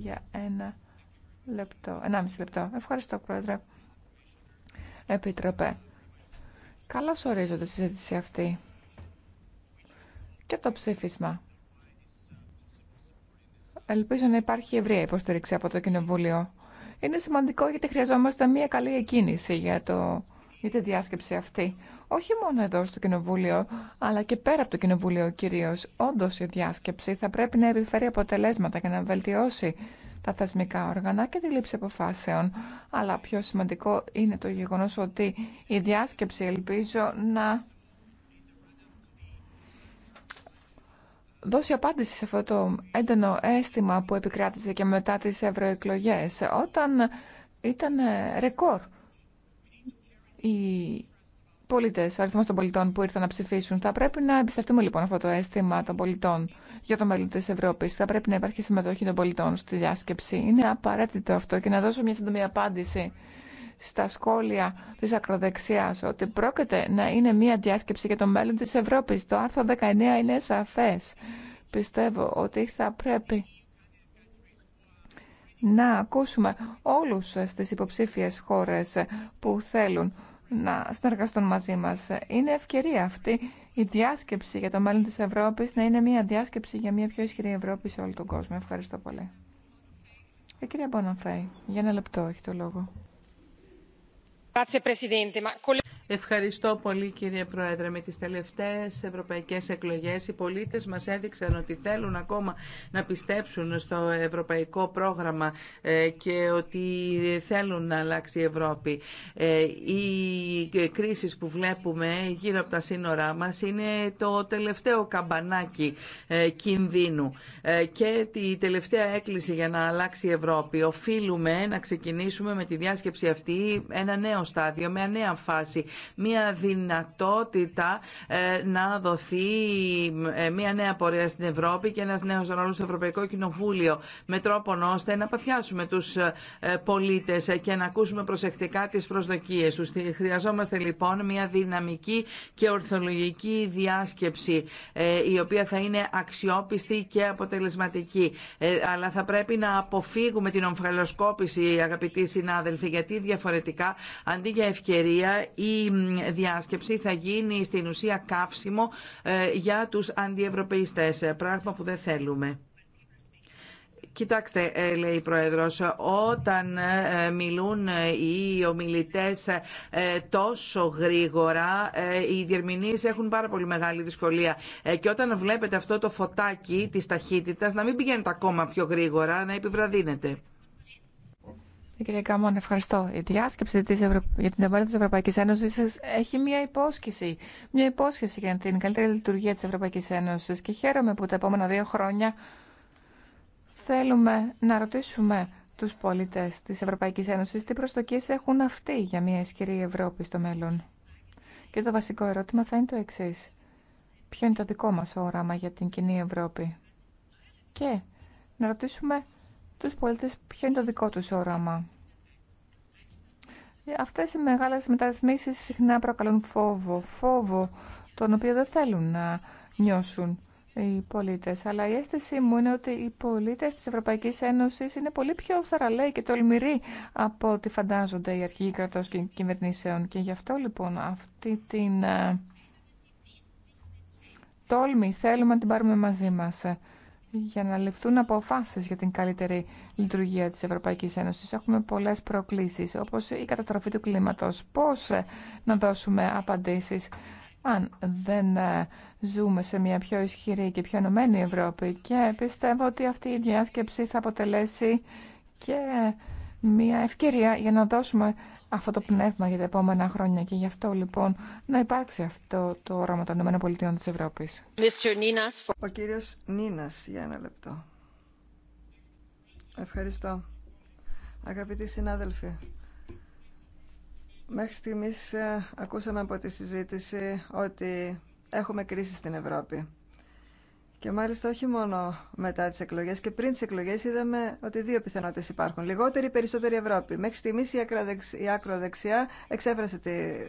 για ένα λεπτό, ενάμιση λεπτό. Ευχαριστώ, Πρόεδρε. Επίτροπε. Καλώ ορίζονται στη συζήτηση αυτή και το ψήφισμα. Ελπίζω να υπάρχει ευρεία υποστήριξη από το Κοινοβούλιο. Είναι σημαντικό γιατί χρειαζόμαστε μια καλή εκκίνηση για το για τη διάσκεψη αυτή. Όχι μόνο εδώ στο Κοινοβούλιο, αλλά και πέρα από το Κοινοβούλιο κυρίω. Όντω η διάσκεψη θα πρέπει να επιφέρει αποτελέσματα και να βελτιώσει τα θεσμικά όργανα και τη λήψη αποφάσεων. Αλλά πιο σημαντικό είναι το γεγονός ότι η διάσκεψη ελπίζω να δώσει απάντηση σε αυτό το έντονο αίσθημα που επικράτησε και μετά τις ευρωεκλογές όταν ήταν ρεκόρ οι πολίτε, ο αριθμό των πολιτών που ήρθαν να ψηφίσουν. Θα πρέπει να εμπιστευτούμε λοιπόν αυτό το αίσθημα των πολιτών για το μέλλον τη Ευρώπη. Θα πρέπει να υπάρχει συμμετοχή των πολιτών στη διάσκεψη. Είναι απαραίτητο αυτό και να δώσω μια σύντομη απάντηση στα σχόλια τη ακροδεξιά ότι πρόκειται να είναι μια διάσκεψη για το μέλλον τη Ευρώπη. Το άρθρο 19 είναι σαφέ. Πιστεύω ότι θα πρέπει να ακούσουμε όλους στις υποψήφιες χώρες που θέλουν να συνεργαστούν μαζί μα. Είναι ευκαιρία αυτή η διάσκεψη για το μέλλον τη Ευρώπη να είναι μια διάσκεψη για μια πιο ισχυρή Ευρώπη σε όλο τον κόσμο. Ευχαριστώ πολύ. Η ε, κυρία Μποναφέη, για ένα λεπτό έχει το λόγο. Ευχαριστώ πολύ κύριε Πρόεδρε. Με τις τελευταίες ευρωπαϊκές εκλογές οι πολίτες μας έδειξαν ότι θέλουν ακόμα να πιστέψουν στο ευρωπαϊκό πρόγραμμα ε, και ότι θέλουν να αλλάξει η Ευρώπη. Ε, οι κρίσεις που βλέπουμε γύρω από τα σύνορά μας είναι το τελευταίο καμπανάκι ε, κινδύνου και η τελευταία έκκληση για να αλλάξει η Ευρώπη. Οφείλουμε να ξεκινήσουμε με τη διάσκεψη αυτή ένα νέο στάδιο, μια νέα φάση μια δυνατότητα ε, να δοθεί ε, μια νέα πορεία στην Ευρώπη και ένας νέος ρόλος στο Ευρωπαϊκό Κοινοβούλιο με τρόπο ώστε να παθιάσουμε τους ε, πολίτες και να ακούσουμε προσεκτικά τις προσδοκίες τους. Χρειαζόμαστε λοιπόν μια δυναμική και ορθολογική διάσκεψη η οποία θα είναι αξιόπιστη και αποτελεσματική. Αλλά θα πρέπει να αποφύγουμε την ομφαλοσκόπηση αγαπητοί συνάδελφοι γιατί διαφορετικά αντί για ευκαιρία διάσκεψη θα γίνει στην ουσία καύσιμο ε, για τους αντιευρωπαϊστές, πράγμα που δεν θέλουμε. Κοιτάξτε, ε, λέει η Πρόεδρος, όταν ε, μιλούν οι ομιλητές τόσο γρήγορα, οι διερμηνείς έχουν πάρα πολύ μεγάλη δυσκολία. Και όταν βλέπετε αυτό το φωτάκι της ταχύτητας, να μην πηγαίνετε ακόμα πιο γρήγορα, να επιβραδύνετε. Ε, κύριε Καμόν, ευχαριστώ. Η διάσκεψη της Ευρω... για την Εμπορία της Ευρωπαϊκής Ένωσης έχει μια υπόσχεση. Μια υπόσχεση για την καλύτερη λειτουργία της Ευρωπαϊκής Ένωσης και χαίρομαι που τα επόμενα δύο χρόνια θέλουμε να ρωτήσουμε τους πολίτες της Ευρωπαϊκής Ένωσης τι προστοκίες έχουν αυτοί για μια ισχυρή Ευρώπη στο μέλλον. Και το βασικό ερώτημα θα είναι το εξή. Ποιο είναι το δικό μας όραμα για την κοινή Ευρώπη. Και να ρωτήσουμε τους πολίτες ποιο είναι το δικό τους όραμα. Ε, αυτές οι μεγάλες μεταρρυθμίσεις συχνά προκαλούν φόβο, φόβο τον οποίο δεν θέλουν να νιώσουν οι πολίτες. Αλλά η αίσθησή μου είναι ότι οι πολίτες της Ευρωπαϊκής Ένωσης είναι πολύ πιο θαραλέοι και τολμηροί από ό,τι φαντάζονται οι αρχηγοί κρατός και κυβερνήσεων. Και γι' αυτό λοιπόν αυτή την ε, τόλμη θέλουμε να την πάρουμε μαζί μας για να ληφθούν αποφάσεις για την καλύτερη λειτουργία της Ευρωπαϊκής Ένωσης. Έχουμε πολλές προκλήσεις, όπως η καταστροφή του κλίματος. Πώς ε, να δώσουμε απαντήσεις αν δεν ε, ζούμε σε μια πιο ισχυρή και πιο ενωμένη Ευρώπη. Και πιστεύω ότι αυτή η διάσκεψη θα αποτελέσει και ε, μια ευκαιρία για να δώσουμε αυτό το πνεύμα για τα επόμενα χρόνια και γι' αυτό λοιπόν να υπάρξει αυτό το όραμα των ΗΠΑ της Ευρώπης. Ο κύριος Νίνας για ένα λεπτό. Ευχαριστώ. Αγαπητοί συνάδελφοι, μέχρι στιγμής ε, ακούσαμε από τη συζήτηση ότι έχουμε κρίση στην Ευρώπη. Και μάλιστα όχι μόνο μετά τι εκλογέ και πριν τι εκλογέ είδαμε ότι δύο πιθανότητε υπάρχουν. Λιγότερη ή περισσότερη Ευρώπη. Μέχρι στιγμή η ακροδεξιά εξέφρασε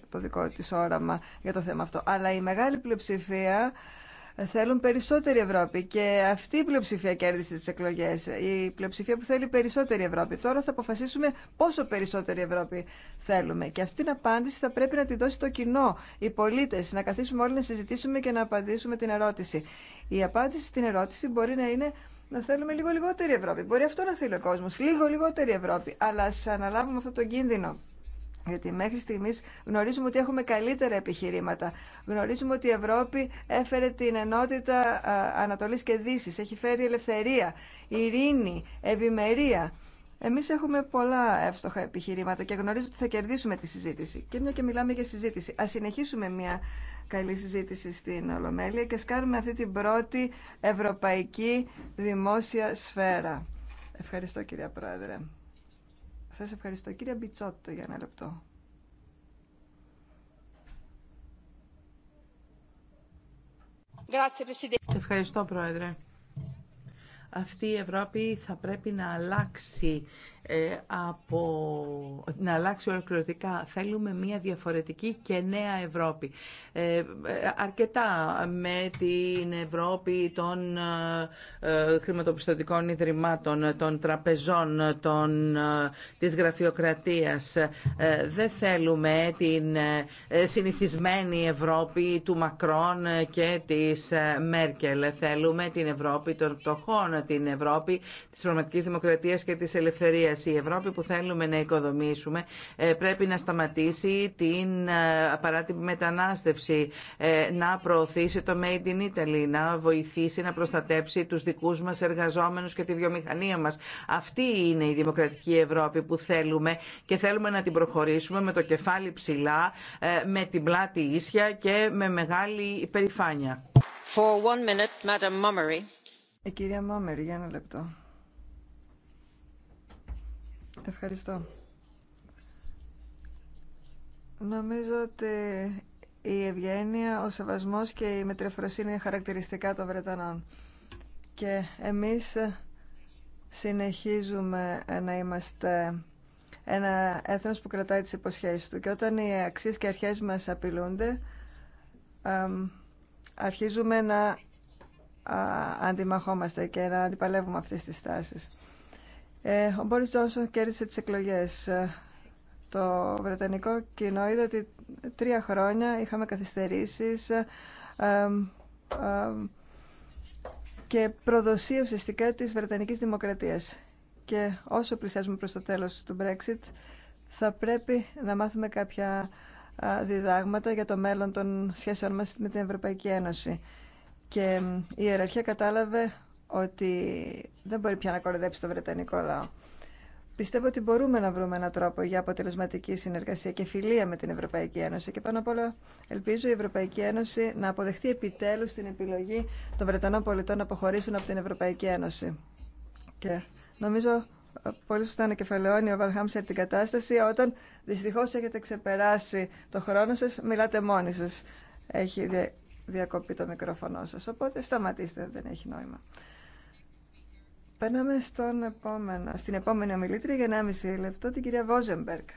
το δικό τη όραμα για το θέμα αυτό. Αλλά η μεγάλη πλειοψηφία θέλουν περισσότερη Ευρώπη και αυτή η πλειοψηφία κέρδισε τις εκλογές, η πλειοψηφία που θέλει περισσότερη Ευρώπη. Τώρα θα αποφασίσουμε πόσο περισσότερη Ευρώπη θέλουμε και αυτή την απάντηση θα πρέπει να τη δώσει το κοινό, οι πολίτες, να καθίσουμε όλοι να συζητήσουμε και να απαντήσουμε την ερώτηση. Η απάντηση στην ερώτηση μπορεί να είναι να θέλουμε λίγο λιγότερη Ευρώπη. Μπορεί αυτό να θέλει ο κόσμο. Λίγο λιγότερη Ευρώπη. Αλλά α αναλάβουμε αυτό το κίνδυνο. Γιατί μέχρι στιγμής γνωρίζουμε ότι έχουμε καλύτερα επιχειρήματα. Γνωρίζουμε ότι η Ευρώπη έφερε την ενότητα Ανατολής και Δύσης. Έχει φέρει ελευθερία, ειρήνη, ευημερία. Εμείς έχουμε πολλά εύστοχα επιχειρήματα και γνωρίζω ότι θα κερδίσουμε τη συζήτηση. Και μια και μιλάμε για συζήτηση. Ας συνεχίσουμε μια καλή συζήτηση στην Ολομέλεια και ας κάνουμε αυτή την πρώτη ευρωπαϊκή δημόσια σφαίρα. Ευχαριστώ κυρία Πρόεδρε. Σας ευχαριστώ. Κύριε Μπιτσότο για ένα λεπτό. Ευχαριστώ, Πρόεδρε. Αυτή η Ευρώπη θα πρέπει να αλλάξει ε, από... να αλλάξει ολοκληρωτικά. Θέλουμε μια διαφορετική και νέα Ευρώπη. Ε, ε, αρκετά με την Ευρώπη των χρηματοπιστωτικών ιδρυμάτων, των τραπεζών, των, της γραφειοκρατίας. δεν θέλουμε την συνηθισμένη Ευρώπη του Μακρόν και της Μέρκελ. Θέλουμε την Ευρώπη των πτωχών, την Ευρώπη της πραγματικής δημοκρατίας και της ελευθερίας η Ευρώπη που θέλουμε να οικοδομήσουμε ε, πρέπει να σταματήσει την ε, παράτυπη μετανάστευση, ε, να προωθήσει το Made in Italy, να βοηθήσει να προστατέψει τους δικούς μας εργαζόμενους και τη βιομηχανία μας. Αυτή είναι η δημοκρατική Ευρώπη που θέλουμε και θέλουμε να την προχωρήσουμε με το κεφάλι ψηλά, με την πλάτη ίσια και με μεγάλη υπερηφάνεια. κυρία για ένα λεπτό. Ευχαριστώ. Νομίζω ότι η ευγένεια, ο σεβασμός και η μετριοφροσύνη είναι χαρακτηριστικά των Βρετανών. Και εμείς συνεχίζουμε να είμαστε ένα έθνος που κρατάει τις υποσχέσεις του. Και όταν οι αξίες και αρχές μας απειλούνται, αρχίζουμε να αντιμαχόμαστε και να αντιπαλεύουμε αυτές τις στάσεις. Ε, ο Μπόρις Τζόνσον κέρδισε τις εκλογές. Ε, το Βρετανικό κοινό είδε ότι τρία χρόνια είχαμε καθυστερήσεις ε, και προδοσία ουσιαστικά της Βρετανικής Δημοκρατίας. Και όσο πλησιάζουμε προς το τέλος του Brexit, θα πρέπει να μάθουμε κάποια διδάγματα για το μέλλον των σχέσεων μας με την Ευρωπαϊκή Ένωση. Και η ιεραρχία κατάλαβε ότι δεν μπορεί πια να κοροϊδέψει το Βρετανικό λαό. Πιστεύω ότι μπορούμε να βρούμε έναν τρόπο για αποτελεσματική συνεργασία και φιλία με την Ευρωπαϊκή Ένωση και πάνω απ' όλα ελπίζω η Ευρωπαϊκή Ένωση να αποδεχτεί επιτέλου την επιλογή των Βρετανών πολιτών να αποχωρήσουν από την Ευρωπαϊκή Ένωση. Και νομίζω ε, πολύ σωστά ανακεφαλαιώνει ο Βαλχάμσερ την κατάσταση όταν δυστυχώ έχετε ξεπεράσει το χρόνο σα, μιλάτε μόνοι σα Έχει διακοπεί το μικρόφωνο σα. οπότε σταματήστε, δεν έχει νόημα. Περνάμε στον επόμενο, στην επόμενη ομιλήτρια για 1,5 λεπτό, την κυρία Βόζεμπεργκ.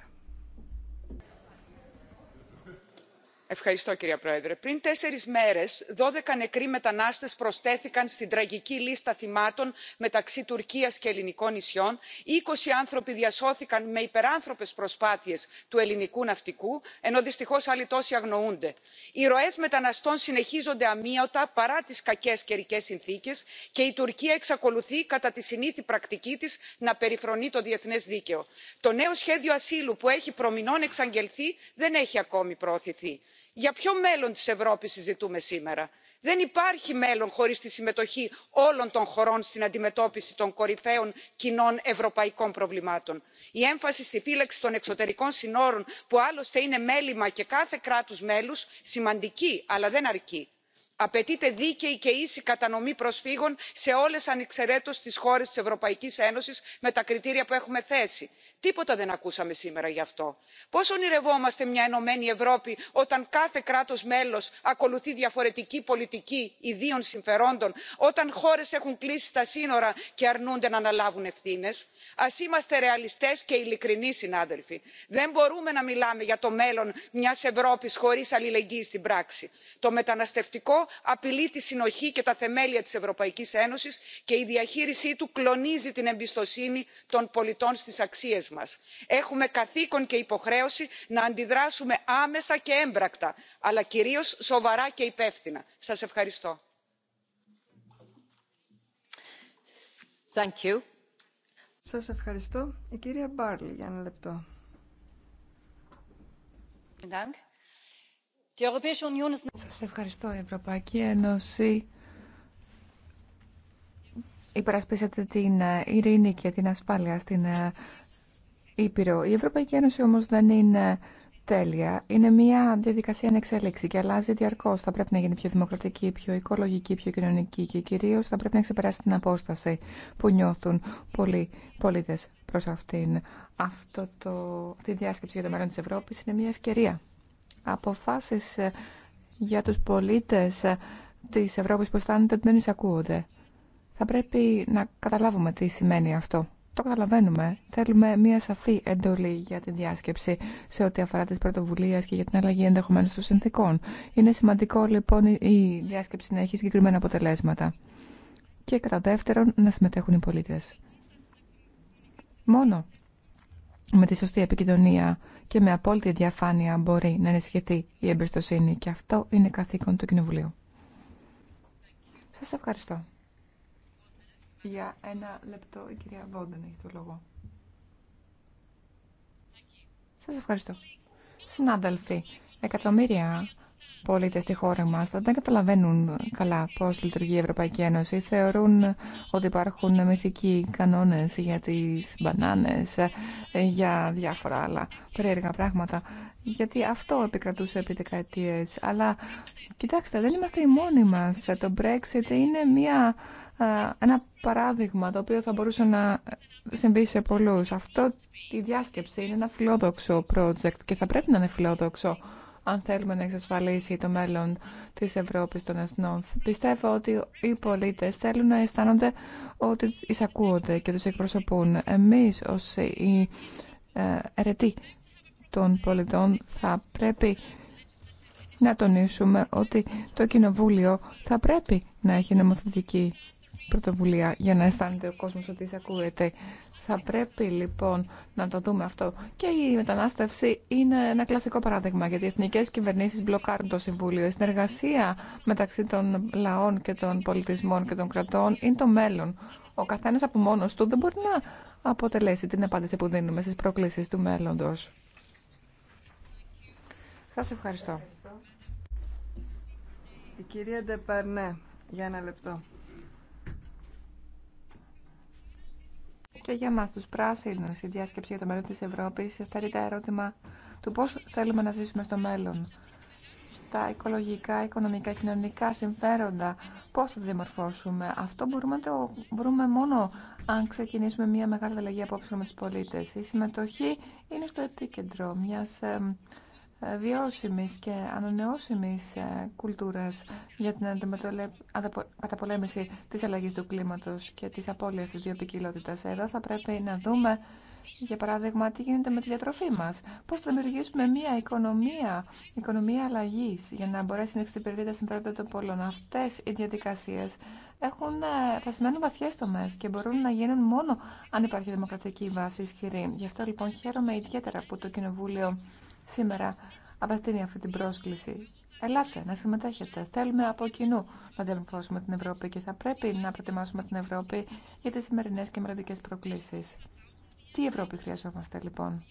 κυρία πρόεδρε πριν τέσσερις μέρες δώδεκα νεκροί μετανάστες προσθέθηκαν στην τραγική λίστα θυμάτων μεταξύ τουρκίας και ελληνικών νησιών είκοσι άνθρωποι διασώθηκαν με υπεράνθρωπες προσπάθειες του ελληνικού ναυτικού ενώ δυστυχώς άλλοι τόσοι αγνοούνται. οι ροές μεταναστών συνεχίζονται αμύωτα παρά τις κακές καιρικές συνθήκες και η τουρκία εξακολουθεί κατά τη συνήθη πρακτική της να περιφρονεί το διεθνέ δίκαιο. το νέο σχέδιο ασύλου που έχει προμηνών εξαγγελθεί δεν έχει ακόμη προωθηθεί για ποιο μέλλον της ευρώπης συζητούμε σήμερα. δεν υπάρχει μέλλον χωρίς τη συμμετοχή όλων των χωρών στην αντιμετώπιση των κορυφαίων κοινών ευρωπαϊκών προβλημάτων. η έμφαση στη φύλαξη των εξωτερικών συνόρων που άλλωστε είναι μέλημα και κάθε κράτους μέλους σημαντική αλλά δεν αρκεί. απαιτείται δίκαιη και ίση κατανομή προσφύγων σε όλες ανεξαιρέτως τις χώρες της ευρωπαϊκής ένωσης με τα κριτήρια που έχουμε θέσει τίποτα δεν ακούσαμε σήμερα γι' αυτό. Πώ ονειρευόμαστε μια ενωμένη ευρώπη όταν κάθε κράτο μέλο ακολουθεί διαφορετική πολιτική ιδίων συμφερόντων όταν χώρε έχουν κλείσει τα σύνορα και αρνούνται να αναλάβουν ευθύνε, α είμαστε ρεαλιστέ και ειλικρινεί συνάδελφοι δεν μπορούμε να μιλάμε για το μέλλον μια Ευρώπη χωρί αλληλεγγύη στην πράξη. το μεταναστευτικό απειλεί τη συνοχή και τα θεμέλια τη Ευρωπαϊκή Ένωση και η διαχείρισή του κλονίζει την εμπιστοσύνη των πολιτών στι αξίε μας. έχουμε καθήκον και υποχρέωση να αντιδράσουμε άμεσα και έμπρακτα αλλά κυρίως σοβαρά και υπεύθυνα. σας ευχαριστώ. Thank you. Σας ευχαριστώ. Η κυρία Μπάρλι για ένα λεπτό. Σας ευχαριστώ. Η Ευρωπαϊκή Ένωση υπερασπίσατε την ε, ειρήνη και την ασφάλεια στην ε, Ήπειρο. Η Ευρωπαϊκή Ένωση όμω δεν είναι τέλεια. Είναι μια διαδικασία ανεξέλιξη και αλλάζει διαρκώ. Θα πρέπει να γίνει πιο δημοκρατική, πιο οικολογική, πιο κοινωνική και κυρίω θα πρέπει να ξεπεράσει την απόσταση που νιώθουν πολλοί πολίτε προ αυτήν. Αυτό το, αυτή διάσκεψη για το μέλλον τη Ευρώπη είναι μια ευκαιρία. Αποφάσει ε, για του πολίτε ε, τη Ευρώπη που αισθάνονται ότι δεν εισακούονται. Θα πρέπει να καταλάβουμε τι σημαίνει αυτό. Το καταλαβαίνουμε. Θέλουμε μια σαφή εντολή για τη διάσκεψη σε ό,τι αφορά τι πρωτοβουλίε και για την αλλαγή ενδεχομένω των συνθήκων. Είναι σημαντικό λοιπόν η διάσκεψη να έχει συγκεκριμένα αποτελέσματα. Και κατά δεύτερον, να συμμετέχουν οι πολίτε. Μόνο με τη σωστή επικοινωνία και με απόλυτη διαφάνεια μπορεί να ενισχυθεί η εμπιστοσύνη και αυτό είναι καθήκον του Κοινοβουλίου. Σας ευχαριστώ. Για ένα λεπτό η κυρία Βόντεν έχει το λόγο. Σας ευχαριστώ. Συνάδελφοι, εκατομμύρια πολίτε στη χώρα μα δεν καταλαβαίνουν καλά πώ λειτουργεί η Ευρωπαϊκή Ένωση. Θεωρούν ότι υπάρχουν μυθικοί κανόνε για τι μπανάνε, για διάφορα άλλα περίεργα πράγματα. Γιατί αυτό επικρατούσε επί δεκαετίε. Αλλά κοιτάξτε, δεν είμαστε οι μόνοι μα. Το Brexit είναι μια ένα παράδειγμα το οποίο θα μπορούσε να συμβεί σε πολλούς. Αυτό η διάσκεψη είναι ένα φιλόδοξο project και θα πρέπει να είναι φιλόδοξο αν θέλουμε να εξασφαλίσει το μέλλον της Ευρώπης των Εθνών. Πιστεύω ότι οι πολίτες θέλουν να αισθάνονται ότι εισακούονται και τους εκπροσωπούν. Εμείς ως οι ερετοί των πολιτών θα πρέπει να τονίσουμε ότι το Κοινοβούλιο θα πρέπει να έχει νομοθετική πρωτοβουλία για να αισθάνεται ο κόσμος ότι εισακούεται. Θα πρέπει λοιπόν να το δούμε αυτό. Και η μετανάστευση είναι ένα κλασικό παράδειγμα, γιατί οι εθνικέ κυβερνήσει μπλοκάρουν το Συμβούλιο. Η συνεργασία μεταξύ των λαών και των πολιτισμών και των κρατών είναι το μέλλον. Ο καθένα από μόνο του δεν μπορεί να αποτελέσει την απάντηση που δίνουμε στι προκλήσει του μέλλοντο. Σα ευχαριστώ. Η κυρία Ντεπαρνέ, για ένα λεπτό. Και για μας τους πράσινους η διάσκεψη για το μέλλον της Ευρώπης θέλει τα ερώτημα του πώς θέλουμε να ζήσουμε στο μέλλον. Τα οικολογικά, οικονομικά, κοινωνικά συμφέροντα, πώς θα διαμορφώσουμε. Αυτό μπορούμε το βρούμε μόνο αν ξεκινήσουμε μια μεγάλη αλλαγή απόψε με τους πολίτες. Η συμμετοχή είναι στο επίκεντρο μιας ε, βιώσιμης και ανανεώσιμης ε, κουλτούρας για την καταπολέμηση της αλλαγής του κλίματος και της απώλειας της βιοπικιλότητας. Εδώ θα πρέπει να δούμε, για παράδειγμα, τι γίνεται με τη διατροφή μας. Πώς θα δημιουργήσουμε μια οικονομία, οικονομία αλλαγής για να μπορέσει να εξυπηρετεί τα συμφέροντα των πολλών. Αυτές οι διαδικασίες έχουν, ε, θα σημαίνουν βαθιέ τομέ και μπορούν να γίνουν μόνο αν υπάρχει δημοκρατική βάση ισχυρή. Γι' αυτό λοιπόν χαίρομαι ιδιαίτερα που το Κοινοβούλιο σήμερα απευθύνει αυτή την πρόσκληση. Ελάτε να συμμετέχετε. Θέλουμε από κοινού να διαμορφώσουμε την Ευρώπη και θα πρέπει να προετοιμάσουμε την Ευρώπη για τι σημερινέ και μελλοντικέ προκλήσει. Τι Ευρώπη χρειαζόμαστε λοιπόν,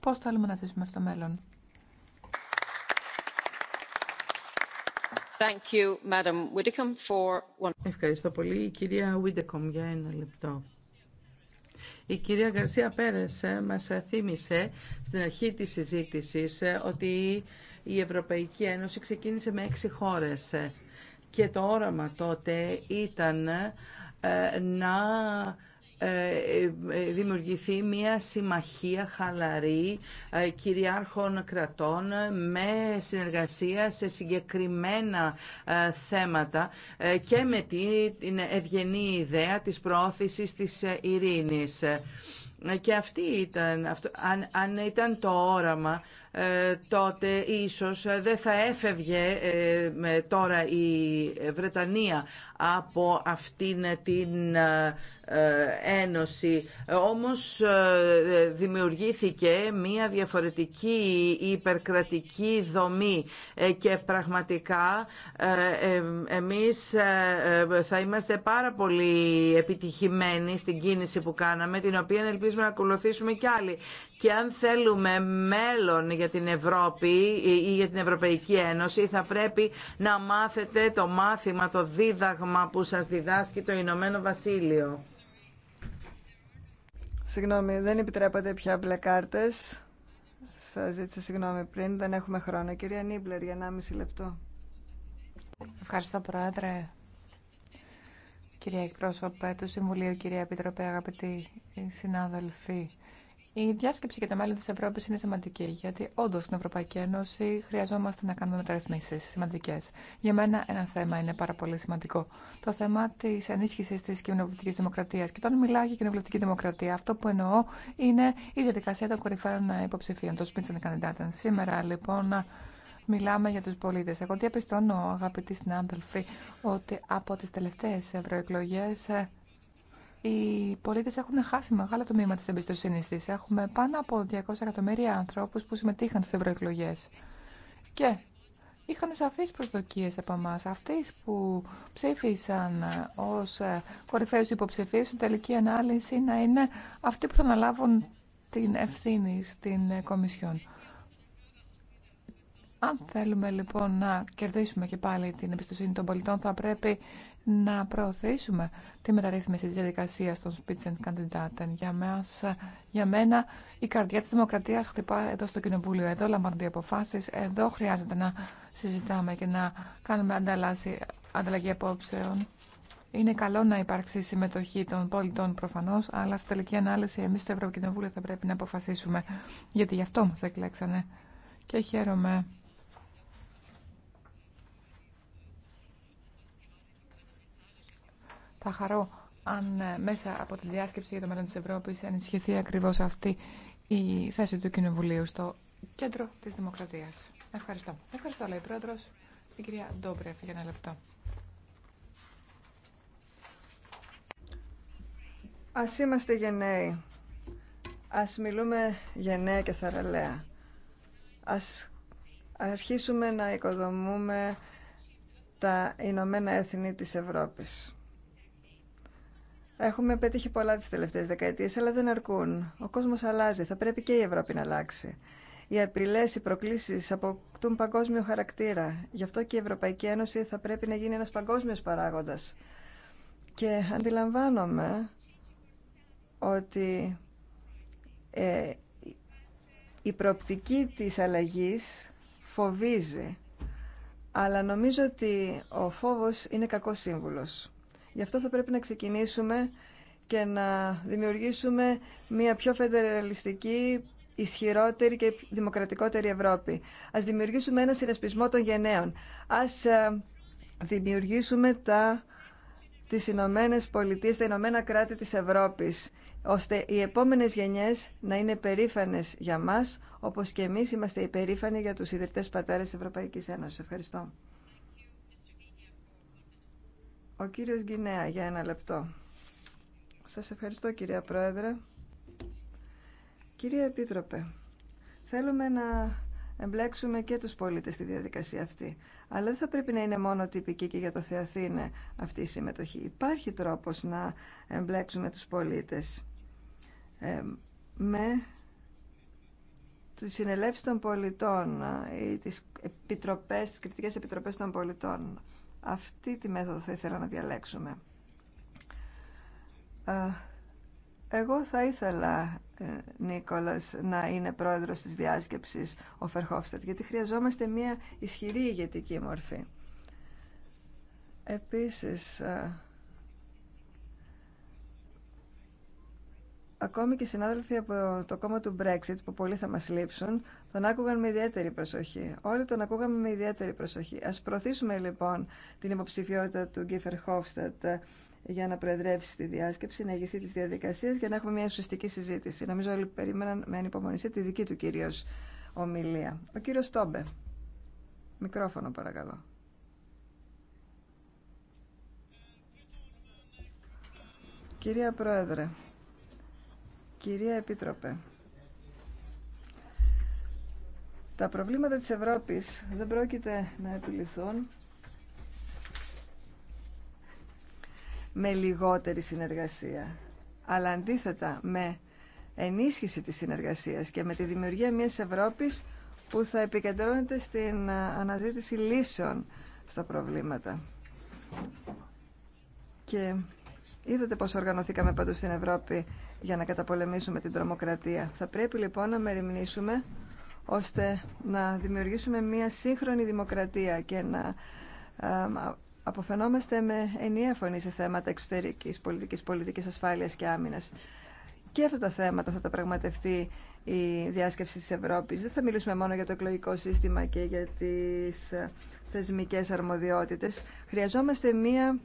Πώ θέλουμε να ζήσουμε στο μέλλον. Ευχαριστώ πολύ, κυρία Βιντεκομ, για ένα λεπτό. Η κυρία Γκαρσία Πέρες ε, μας θύμισε στην αρχή της συζήτησης ε, ότι η Ευρωπαϊκή Ένωση ξεκίνησε με έξι χώρες ε, και το όραμα τότε ήταν να ε, ε, δημιουργηθεί μια συμμαχία χαλαρή ε, κυριάρχων κρατών με συνεργασία σε συγκεκριμένα θέματα και με την ευγενή ιδέα της προώθησης της ειρήνης. Και αυτή ήταν, αυτό, αν ήταν το όραμα ε, τότε ίσως ε, δεν θα έφευγε ε, τώρα η Βρετανία από αυτήν την ένωση. Όμως δημιουργήθηκε μία διαφορετική υπερκρατική δομή και πραγματικά εμείς θα είμαστε πάρα πολύ επιτυχημένοι στην κίνηση που κάναμε, την οποία ελπίζουμε να ακολουθήσουμε κι άλλοι. Και αν θέλουμε μέλλον για την Ευρώπη ή για την Ευρωπαϊκή Ένωση θα πρέπει να μάθετε το μάθημα, το δίδαγμα που σας διδάσκει το Ηνωμένο Βασίλειο. Συγγνώμη, δεν επιτρέπατε πια μπλε κάρτες. Σας ζήτησα συγγνώμη πριν, δεν έχουμε χρόνο. Κυρία Νίμπλερ, για 1,5 λεπτό. Ευχαριστώ, Πρόεδρε. Κυρία Εκπρόσωπε του Συμβουλίου, κυρία Επιτροπή, αγαπητοί συνάδελφοι. Η διάσκεψη για το μέλλον τη Ευρώπη είναι σημαντική, γιατί όντω στην Ευρωπαϊκή Ένωση χρειαζόμαστε να κάνουμε μεταρρυθμίσει σημαντικέ. Για μένα, ένα θέμα είναι πάρα πολύ σημαντικό. Το θέμα τη ενίσχυση τη κοινοβουλευτική δημοκρατία. Και όταν μιλάω για κοινοβουλευτική δημοκρατία, αυτό που εννοώ είναι η διαδικασία των κορυφαίων υποψηφίων, των Spitzenkandidaten. Καντιντάτων. Σήμερα, λοιπόν, μιλάμε για τους πολίτες. Εγώ διαπιστώνω, αγαπητοί συνάδελφοι, ότι από τις τελευταίες ευρωεκλογέ οι πολίτες έχουν χάσει μεγάλο το μήμα της εμπιστοσύνης της. Έχουμε πάνω από 200 εκατομμύρια ανθρώπους που συμμετείχαν στις ευρωεκλογέ. Και είχαν σαφείς προσδοκίες από εμά. Αυτοί που ψήφισαν ως ε, κορυφαίους υποψηφίου, στην τελική ανάλυση να είναι αυτοί που θα αναλάβουν την ευθύνη στην ε, Κομισιόν. Αν θέλουμε λοιπόν να κερδίσουμε και πάλι την εμπιστοσύνη των πολιτών, θα πρέπει να προωθήσουμε τη μεταρρύθμιση της διαδικασίας των Spitzenkandidaten. Για, μας, για μένα η καρδιά της δημοκρατίας χτυπά εδώ στο Κοινοβούλιο. Εδώ λαμβάνονται οι αποφάσεις, εδώ χρειάζεται να συζητάμε και να κάνουμε ανταλλαγή απόψεων. Είναι καλό να υπάρξει συμμετοχή των πολιτών προφανώς, αλλά στη τελική ανάλυση εμείς στο Ευρωκοινοβούλιο θα πρέπει να αποφασίσουμε, γιατί γι' αυτό μα εκλέξανε. Και χαίρομαι Θα χαρώ αν ε, μέσα από τη διάσκεψη για το μέλλον της Ευρώπης ενισχυθεί ακριβώς αυτή η θέση του Κοινοβουλίου στο κέντρο της Δημοκρατίας. Ευχαριστώ. Ευχαριστώ, λέει η Πρόεδρος. Η κυρία Ντόμπρεφ για ένα λεπτό. Ας είμαστε γενναίοι. Ας μιλούμε γενναία και θαραλέα. Ας αρχίσουμε να οικοδομούμε τα Ηνωμένα Έθνη της Ευρώπης. Έχουμε πετύχει πολλά τις τελευταίες δεκαετίες, αλλά δεν αρκούν. Ο κόσμος αλλάζει, θα πρέπει και η Ευρώπη να αλλάξει. Οι απειλέ, οι προκλήσει αποκτούν παγκόσμιο χαρακτήρα. Γι' αυτό και η Ευρωπαϊκή Ένωση θα πρέπει να γίνει ένα παγκόσμιο παράγοντα. Και αντιλαμβάνομαι ότι ε, η προοπτική της αλλαγής φοβίζει, αλλά νομίζω ότι ο φόβος είναι κακό σύμβουλος. Γι' αυτό θα πρέπει να ξεκινήσουμε και να δημιουργήσουμε μια πιο φεντεραλιστική, ισχυρότερη και δημοκρατικότερη Ευρώπη. Ας δημιουργήσουμε ένα συνασπισμό των γενναίων. Ας ε, δημιουργήσουμε τα, τις Ηνωμένε Πολιτείες, τα Ηνωμένα κράτη της Ευρώπης, ώστε οι επόμενες γενιές να είναι περήφανες για μας, όπως και εμείς είμαστε υπερήφανοι για τους ιδρυτές πατέρες της Ευρωπαϊκής Ένωσης. Ευχαριστώ. Ο κύριος Γκινέα για ένα λεπτό. Σας ευχαριστώ κυρία Πρόεδρε. Κυρία Επίτροπε, θέλουμε να εμπλέξουμε και τους πολίτες στη διαδικασία αυτή. Αλλά δεν θα πρέπει να είναι μόνο τυπική και για το Θεαθήνε αυτή η συμμετοχή. Υπάρχει τρόπος να εμπλέξουμε τους πολίτες ε, με τις συνελεύσεις των πολιτών ε, ή τις επιτροπές, τις κριτικές επιτροπές των πολιτών. Αυτή τη μέθοδο θα ήθελα να διαλέξουμε. Εγώ θα ήθελα, ε, Νίκολας, να είναι πρόεδρος της διάσκεψης ο Φερχόφστατ, γιατί χρειαζόμαστε μια ισχυρή ηγετική μορφή. Επίσης, ακόμη και συνάδελφοι από το κόμμα του Brexit που πολλοί θα μας λείψουν, τον άκουγαν με ιδιαίτερη προσοχή. Όλοι τον ακούγαμε με ιδιαίτερη προσοχή. Ας προωθήσουμε λοιπόν την υποψηφιότητα του Γκίφερ Χόφστατ ε, για να προεδρεύσει τη διάσκεψη, να ηγηθεί τις διαδικασίες για να έχουμε μια ουσιαστική συζήτηση. Νομίζω όλοι περίμεναν με ανυπομονησία τη δική του κυρίως ομιλία. Ο κύριος Τόμπε. Μικρόφωνο παρακαλώ. Κυρία Πρόεδρε, Κυρία Επίτροπε, τα προβλήματα της Ευρώπης δεν πρόκειται να επιληθούν με λιγότερη συνεργασία, αλλά αντίθετα με ενίσχυση της συνεργασίας και με τη δημιουργία μιας Ευρώπης που θα επικεντρώνεται στην αναζήτηση λύσεων στα προβλήματα. Και είδατε πώς οργανωθήκαμε παντού στην Ευρώπη για να καταπολεμήσουμε την τρομοκρατία. Θα πρέπει λοιπόν να μεριμνήσουμε ώστε να δημιουργήσουμε μια σύγχρονη δημοκρατία και να αποφαινόμαστε με ενιαία φωνή σε θέματα εξωτερικής πολιτικής, πολιτικής ασφάλειας και άμυνας. Και αυτά τα θέματα θα τα πραγματευτεί η διάσκεψη της Ευρώπης. Δεν θα μιλήσουμε μόνο για το εκλογικό σύστημα και για τις ε, θεσμικές αρμοδιότητες. Χρειαζόμαστε μία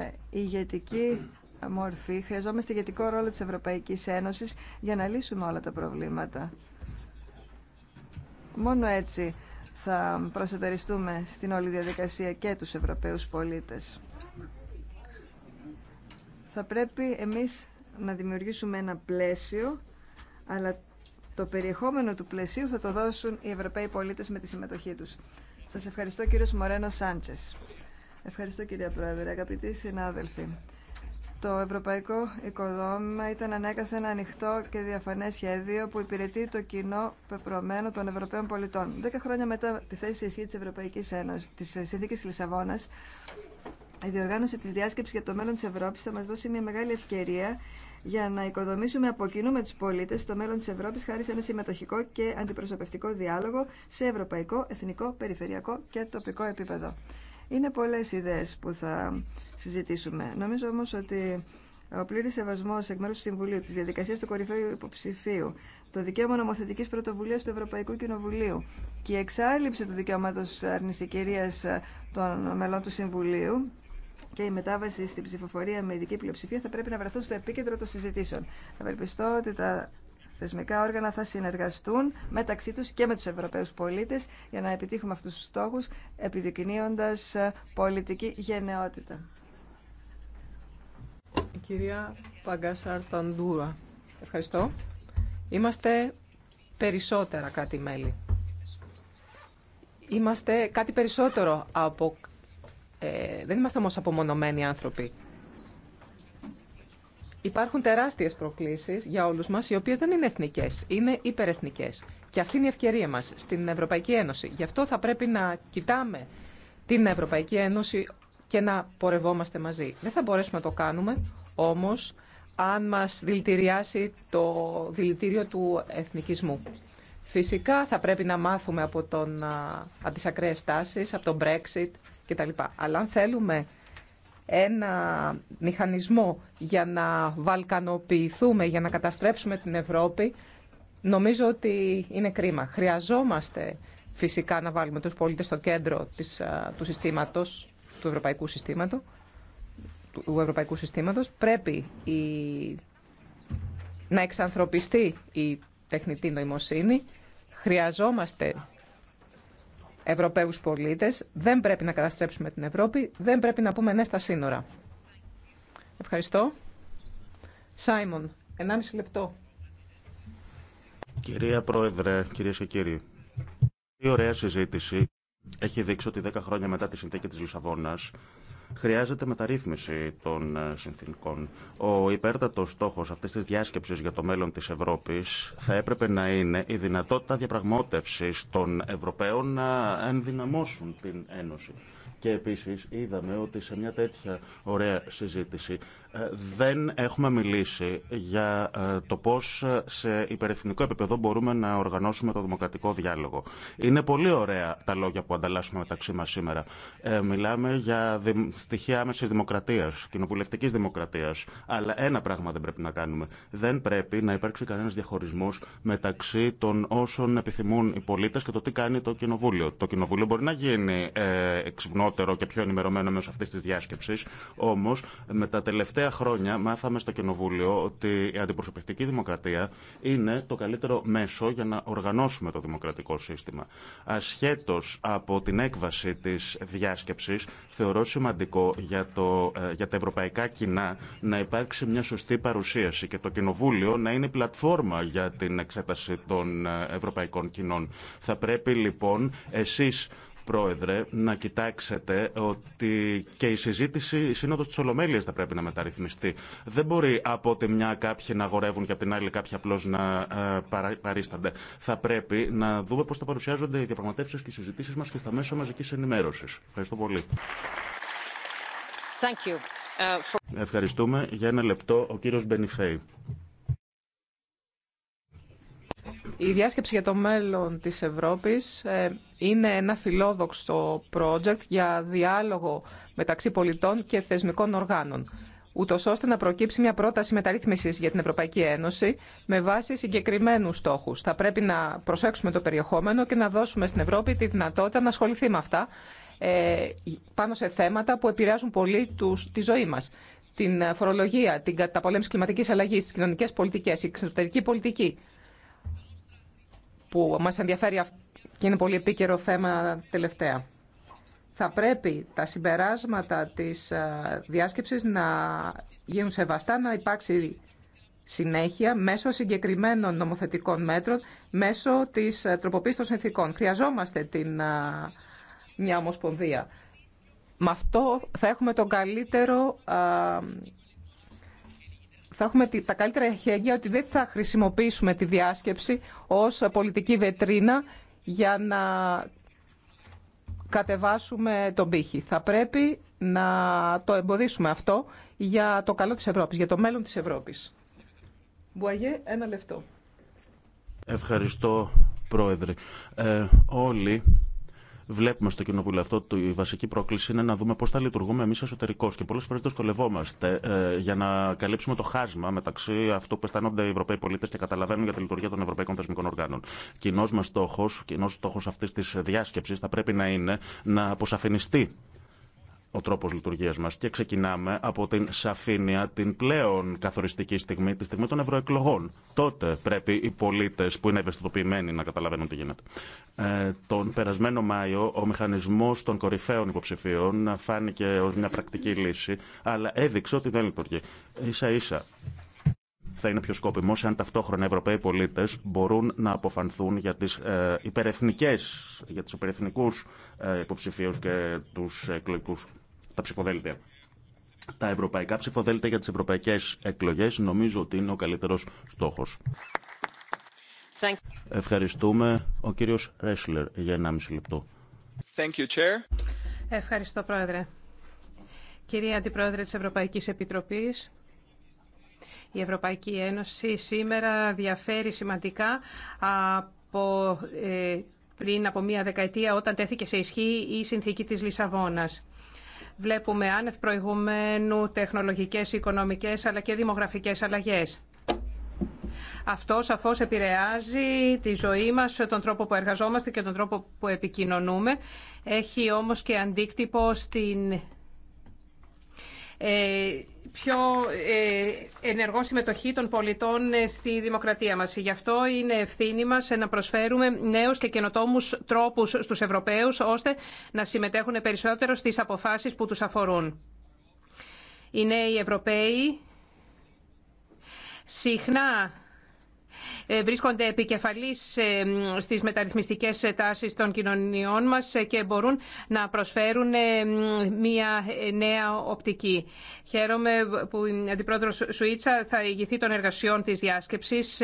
ε, ηγετική μορφή. Χρειαζόμαστε ηγετικό ρόλο της Ευρωπαϊκής Ένωσης για να λύσουμε όλα τα προβλήματα. Μόνο έτσι θα προσετεριστούμε στην όλη διαδικασία και τους Ευρωπαίους πολίτες. Θα πρέπει εμείς να δημιουργήσουμε ένα πλαίσιο, αλλά το περιεχόμενο του πλαισίου θα το δώσουν οι Ευρωπαίοι πολίτες με τη συμμετοχή τους. Σας ευχαριστώ κύριος Μορένο Σάντσες. Ευχαριστώ κυρία Πρόεδρε, αγαπητοί συνάδελφοι. Το ευρωπαϊκό οικοδόμημα ήταν ανέκαθεν ανοιχτό και διαφανέ σχέδιο που υπηρετεί το κοινό πεπρωμένο των Ευρωπαίων πολιτών. Δέκα χρόνια μετά τη θέση ισχύ της Ευρωπαϊκής Ένωσης, της Συνθήκης Λισαβόνα, η διοργάνωση τη διάσκεψη για το μέλλον τη Ευρώπη θα μα δώσει μια μεγάλη ευκαιρία για να οικοδομήσουμε από κοινού με τους πολίτες το μέλλον τη Ευρώπη χάρη σε ένα συμμετοχικό και αντιπροσωπευτικό διάλογο σε ευρωπαϊκό, εθνικό, περιφερειακό και τοπικό επίπεδο. Είναι πολλέ ιδέε που θα συζητήσουμε. Νομίζω όμω ότι ο πλήρη σεβασμό εκ μέρου του Συμβουλίου, τη διαδικασία του κορυφαίου υποψηφίου, το δικαίωμα νομοθετική πρωτοβουλία του Ευρωπαϊκού Κοινοβουλίου και η εξάλληψη του δικαιώματο αρνησικυρία των μελών του Συμβουλίου και η μετάβαση στην ψηφοφορία με ειδική πλειοψηφία θα πρέπει να βρεθούν στο επίκεντρο των συζητήσεων. Ευελπιστώ ότι τα θεσμικά όργανα θα συνεργαστούν μεταξύ τους και με τους Ευρωπαίους πολίτες για να επιτύχουμε αυτούς τους στόχους επιδεικνύοντας πολιτική γενναιότητα κυρία Παγκάσαρ Ταντούρα. Ευχαριστώ. Είμαστε περισσότερα κάτι μέλη. Είμαστε κάτι περισσότερο από... Ε, δεν είμαστε όμως απομονωμένοι άνθρωποι. Υπάρχουν τεράστιες προκλήσεις για όλους μας, οι οποίες δεν είναι εθνικές, είναι υπερεθνικές. Και αυτή είναι η ευκαιρία μας στην Ευρωπαϊκή Ένωση. Γι' αυτό θα πρέπει να κοιτάμε την Ευρωπαϊκή Ένωση και να πορευόμαστε μαζί. Δεν θα μπορέσουμε να το κάνουμε, όμως, αν μας δηλητηριάσει το δηλητήριο του εθνικισμού. Φυσικά θα πρέπει να μάθουμε από, τον, από τις ακραίες τάσεις, από τον Brexit κτλ. Αλλά αν θέλουμε ένα μηχανισμό για να βαλκανοποιηθούμε, για να καταστρέψουμε την Ευρώπη, νομίζω ότι είναι κρίμα. Χρειαζόμαστε φυσικά να βάλουμε τους πολίτες στο κέντρο του συστήματος του ευρωπαϊκού συστήματος, του ευρωπαϊκού συστήματος. πρέπει η... να εξανθρωπιστεί η τεχνητή νοημοσύνη. Χρειαζόμαστε Ευρωπαίους πολίτες. Δεν πρέπει να καταστρέψουμε την Ευρώπη. Δεν πρέπει να πούμε ναι στα σύνορα. Ευχαριστώ. Σάιμον, 1,5 λεπτό. Κυρία Πρόεδρε, κυρίε και κύριοι, η ωραία συζήτηση έχει δείξει ότι 10 χρόνια μετά τη συνθήκη της Λισαβόνας χρειάζεται μεταρρύθμιση των ε, συνθήκων. Ο υπέρτατο στόχος αυτή τη διάσκεψης για το μέλλον της Ευρώπης θα έπρεπε να είναι η δυνατότητα διαπραγμότευσης των Ευρωπαίων να ενδυναμώσουν την Ένωση. Και επίσης είδαμε ότι σε μια τέτοια ωραία συζήτηση ε, δεν έχουμε μιλήσει για ε, το πώς ε, σε υπερεθνικό επίπεδο μπορούμε να οργανώσουμε το δημοκρατικό διάλογο. Είναι πολύ ωραία τα λόγια που ανταλλάσσουμε μεταξύ μας σήμερα. Μιλάμε για στοιχεία άμεση δημοκρατίας, κοινοβουλευτικής δημοκρατίας. Αλλά ένα πράγμα δεν πρέπει να κάνουμε. Δεν πρέπει να υπάρξει κανένας διαχωρισμός μεταξύ των όσων επιθυμούν οι πολίτες και το τι κάνει το κοινοβούλιο. Το κοινοβούλιο μπορεί να γίνει εξυπνότερο και πιο ενημερωμένο μέσω αυτή τη διάσκεψης, όμως με τα τελευταία τελευταία χρόνια μάθαμε στο Κοινοβούλιο ότι η αντιπροσωπευτική δημοκρατία είναι το καλύτερο μέσο για να οργανώσουμε το δημοκρατικό σύστημα. Ασχέτω από την έκβαση της διάσκεψης, θεωρώ σημαντικό για, το, ε, για τα ευρωπαϊκά κοινά να υπάρξει μια σωστή παρουσίαση και το Κοινοβούλιο να είναι πλατφόρμα για την εξέταση των ε, ευρωπαϊκών κοινών. Θα πρέπει λοιπόν εσεί. Πρόεδρε, να κοιτάξετε ότι και η συζήτηση, η Σύνοδο τη Ολομέλεια θα πρέπει να μεταρρυθμιστεί. Δεν μπορεί από τη μια κάποιοι να αγορεύουν και από την άλλη κάποιοι απλώ να ε, παρίστανται. Θα πρέπει να δούμε πώ θα παρουσιάζονται οι διαπραγματεύσει και οι συζητήσει μα και στα μέσα μαζική ενημέρωση. Ευχαριστώ πολύ. Thank you. Ε, Ευχαριστούμε. Για ένα λεπτό, ο κύριος Μπενιφέη. Η διάσκεψη για το μέλλον της Ευρώπης ε, είναι ένα φιλόδοξο project για διάλογο μεταξύ πολιτών και θεσμικών οργάνων, ούτω ώστε να προκύψει μια πρόταση μεταρρύθμισης για την Ευρωπαϊκή Ένωση με βάση συγκεκριμένους στόχους. Θα πρέπει να προσέξουμε το περιεχόμενο και να δώσουμε στην Ευρώπη τη δυνατότητα να ασχοληθεί με αυτά ε, πάνω σε θέματα που επηρεάζουν πολύ τη ζωή μας την φορολογία, την καταπολέμηση κλιματική αλλαγή, τι κοινωνικέ πολιτικέ, η εξωτερική πολιτική, που μας ενδιαφέρει και είναι πολύ επίκαιρο θέμα τελευταία. Θα πρέπει τα συμπεράσματα της ε, διάσκεψης να γίνουν σεβαστά, να υπάρξει συνέχεια μέσω συγκεκριμένων νομοθετικών μέτρων, μέσω της ε, τροποποίησης των συνθήκων. Χρειαζόμαστε την, ε, μια ομοσπονδία. Με αυτό θα έχουμε τον καλύτερο θα έχουμε τα καλύτερα εχέγγυα ότι δεν θα χρησιμοποιήσουμε τη διάσκεψη ως πολιτική βετρίνα για να κατεβάσουμε τον πύχη. Θα πρέπει να το εμποδίσουμε αυτό για το καλό της Ευρώπης, για το μέλλον της Ευρώπης. Μπουαγέ, ένα λεπτό. Ευχαριστώ, Πρόεδρε. Ε, όλοι βλέπουμε στο κοινοβούλιο αυτό, η βασική πρόκληση είναι να δούμε πώ θα λειτουργούμε εμεί εσωτερικώ. Και πολλέ φορέ δυσκολευόμαστε ε, για να καλύψουμε το χάσμα μεταξύ αυτού που αισθάνονται οι Ευρωπαίοι πολίτε και καταλαβαίνουν για τη λειτουργία των Ευρωπαϊκών Θεσμικών Οργάνων. Κοινό μα στόχο, κοινό στόχο αυτή τη διάσκεψη θα πρέπει να είναι να αποσαφινιστεί ο τρόπο λειτουργία μα και ξεκινάμε από την σαφήνεια την πλέον καθοριστική στιγμή, τη στιγμή των ευρωεκλογών. Τότε πρέπει οι πολίτε που είναι ευαισθητοποιημένοι να καταλαβαίνουν τι γίνεται. Ε, τον περασμένο Μάιο ο μηχανισμό των κορυφαίων υποψηφίων φάνηκε ω μια πρακτική λύση, αλλά έδειξε ότι δεν λειτουργεί. σα ίσα θα είναι πιο σκόπιμο αν ταυτόχρονα οι Ευρωπαίοι πολίτε μπορούν να αποφανθούν για τι ε, υπερεθνικέ, για του υπερεθνικού ε, υποψηφίου και του εκλογικού τα Τα ευρωπαϊκά ψηφοδέλτια για τις ευρωπαϊκές εκλογές νομίζω ότι είναι ο καλύτερος στόχος. Ευχαριστούμε ο κύριος Ρέσλερ για 1,5 λεπτό. Thank you, Chair. Ευχαριστώ, Πρόεδρε. Κυρία Αντιπρόεδρε της Ευρωπαϊκής Επιτροπής, η Ευρωπαϊκή Ένωση σήμερα διαφέρει σημαντικά από ε, πριν από μία δεκαετία όταν τέθηκε σε ισχύ η συνθήκη της Λισαβόνας. Βλέπουμε άνευ προηγουμένου τεχνολογικές, οικονομικές αλλά και δημογραφικές αλλαγές. Αυτό σαφώ επηρεάζει τη ζωή μας, τον τρόπο που εργαζόμαστε και τον τρόπο που επικοινωνούμε. Έχει όμως και αντίκτυπο στην ε, πιο ε, ενεργό συμμετοχή των πολιτών ε, στη δημοκρατία μας. Γι' αυτό είναι ευθύνη μας να προσφέρουμε νέους και καινοτόμους τρόπους στους Ευρωπαίους ώστε να συμμετέχουν περισσότερο στις αποφάσεις που τους αφορούν. Οι νέοι Ευρωπαίοι συχνά ε, βρίσκονται επικεφαλής ε, στις μεταρρυθμιστικές τάσεις των κοινωνιών μας ε, και μπορούν να προσφέρουν μια νέα οπτική. Χαίρομαι που η Αντιπρόεδρο Σουίτσα θα ηγηθεί των εργασιών της διάσκεψης,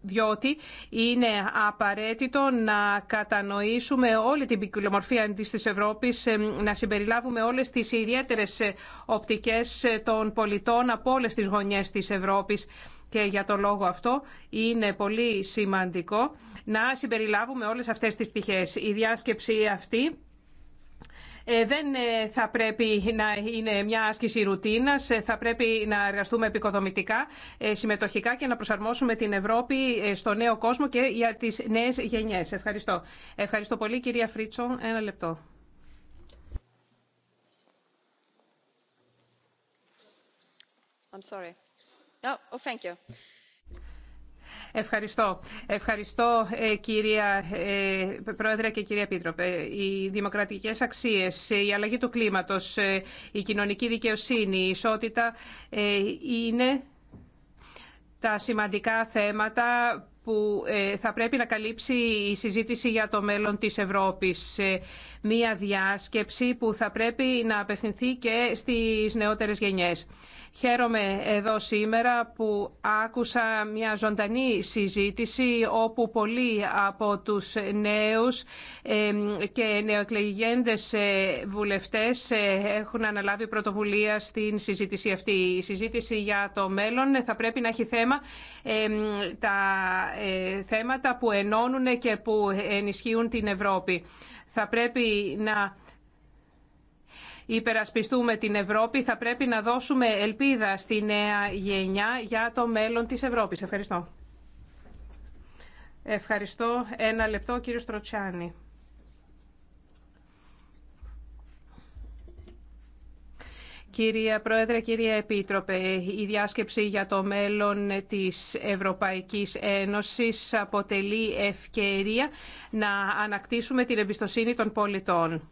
διότι είναι απαραίτητο να κατανοήσουμε όλη την ποικιλομορφία της Ευρώπης, να συμπεριλάβουμε όλες τις ιδιαίτερες οπτικές των πολιτών από όλες τις γωνιές της Ευρώπης και για το λόγο αυτό είναι πολύ σημαντικό να συμπεριλάβουμε όλες αυτές τις πτυχές. Η διάσκεψη αυτή ε, δεν ε, θα πρέπει να είναι μια άσκηση ρουτίνας, ε, θα πρέπει να εργαστούμε επικοδομητικά, συμμετοχικά και να προσαρμόσουμε την Ευρώπη στο νέο κόσμο και για τις νέες γενιές. Ευχαριστώ. Ευχαριστώ πολύ κυρία Φρίτσο. Ένα λεπτό. I'm Oh, oh, Ευχαριστώ. Ευχαριστώ ε, κυρία ε, Πρόεδρε και κυρία Πίτροπε. Οι δημοκρατικές αξίες, η αλλαγή του κλίματος, ε, η κοινωνική δικαιοσύνη, η ισότητα είναι τα σημαντικά θέματα που ε, θα πρέπει να καλύψει η συζήτηση για το μέλλον της Ευρώπης. Μία διάσκεψη που θα πρέπει να απευθυνθεί και στις νεότερες γενιές. Χαίρομαι εδώ σήμερα που άκουσα μια ζωντανή συζήτηση όπου πολλοί από τους νέους ε, και νεοεκλεγέντες ε, βουλευτές έχουν αναλάβει πρωτοβουλία στην συζήτηση αυτή. Η συζήτηση για το μέλλον θα πρέπει να έχει θέμα τα ε, θέματα που ενώνουν και που ενισχύουν την Ευρώπη. Θα πρέπει να υπερασπιστούμε την Ευρώπη, θα πρέπει να δώσουμε ελπίδα στη νέα γενιά για το μέλλον της Ευρώπης. Ευχαριστώ. Ευχαριστώ. Ένα λεπτό, κύριο Στροτσάνη. Κυρία Πρόεδρε, κύριε Επίτροπε, η διάσκεψη για το μέλλον της Ευρωπαϊκής Ένωσης αποτελεί ευκαιρία να ανακτήσουμε την εμπιστοσύνη των πολιτών.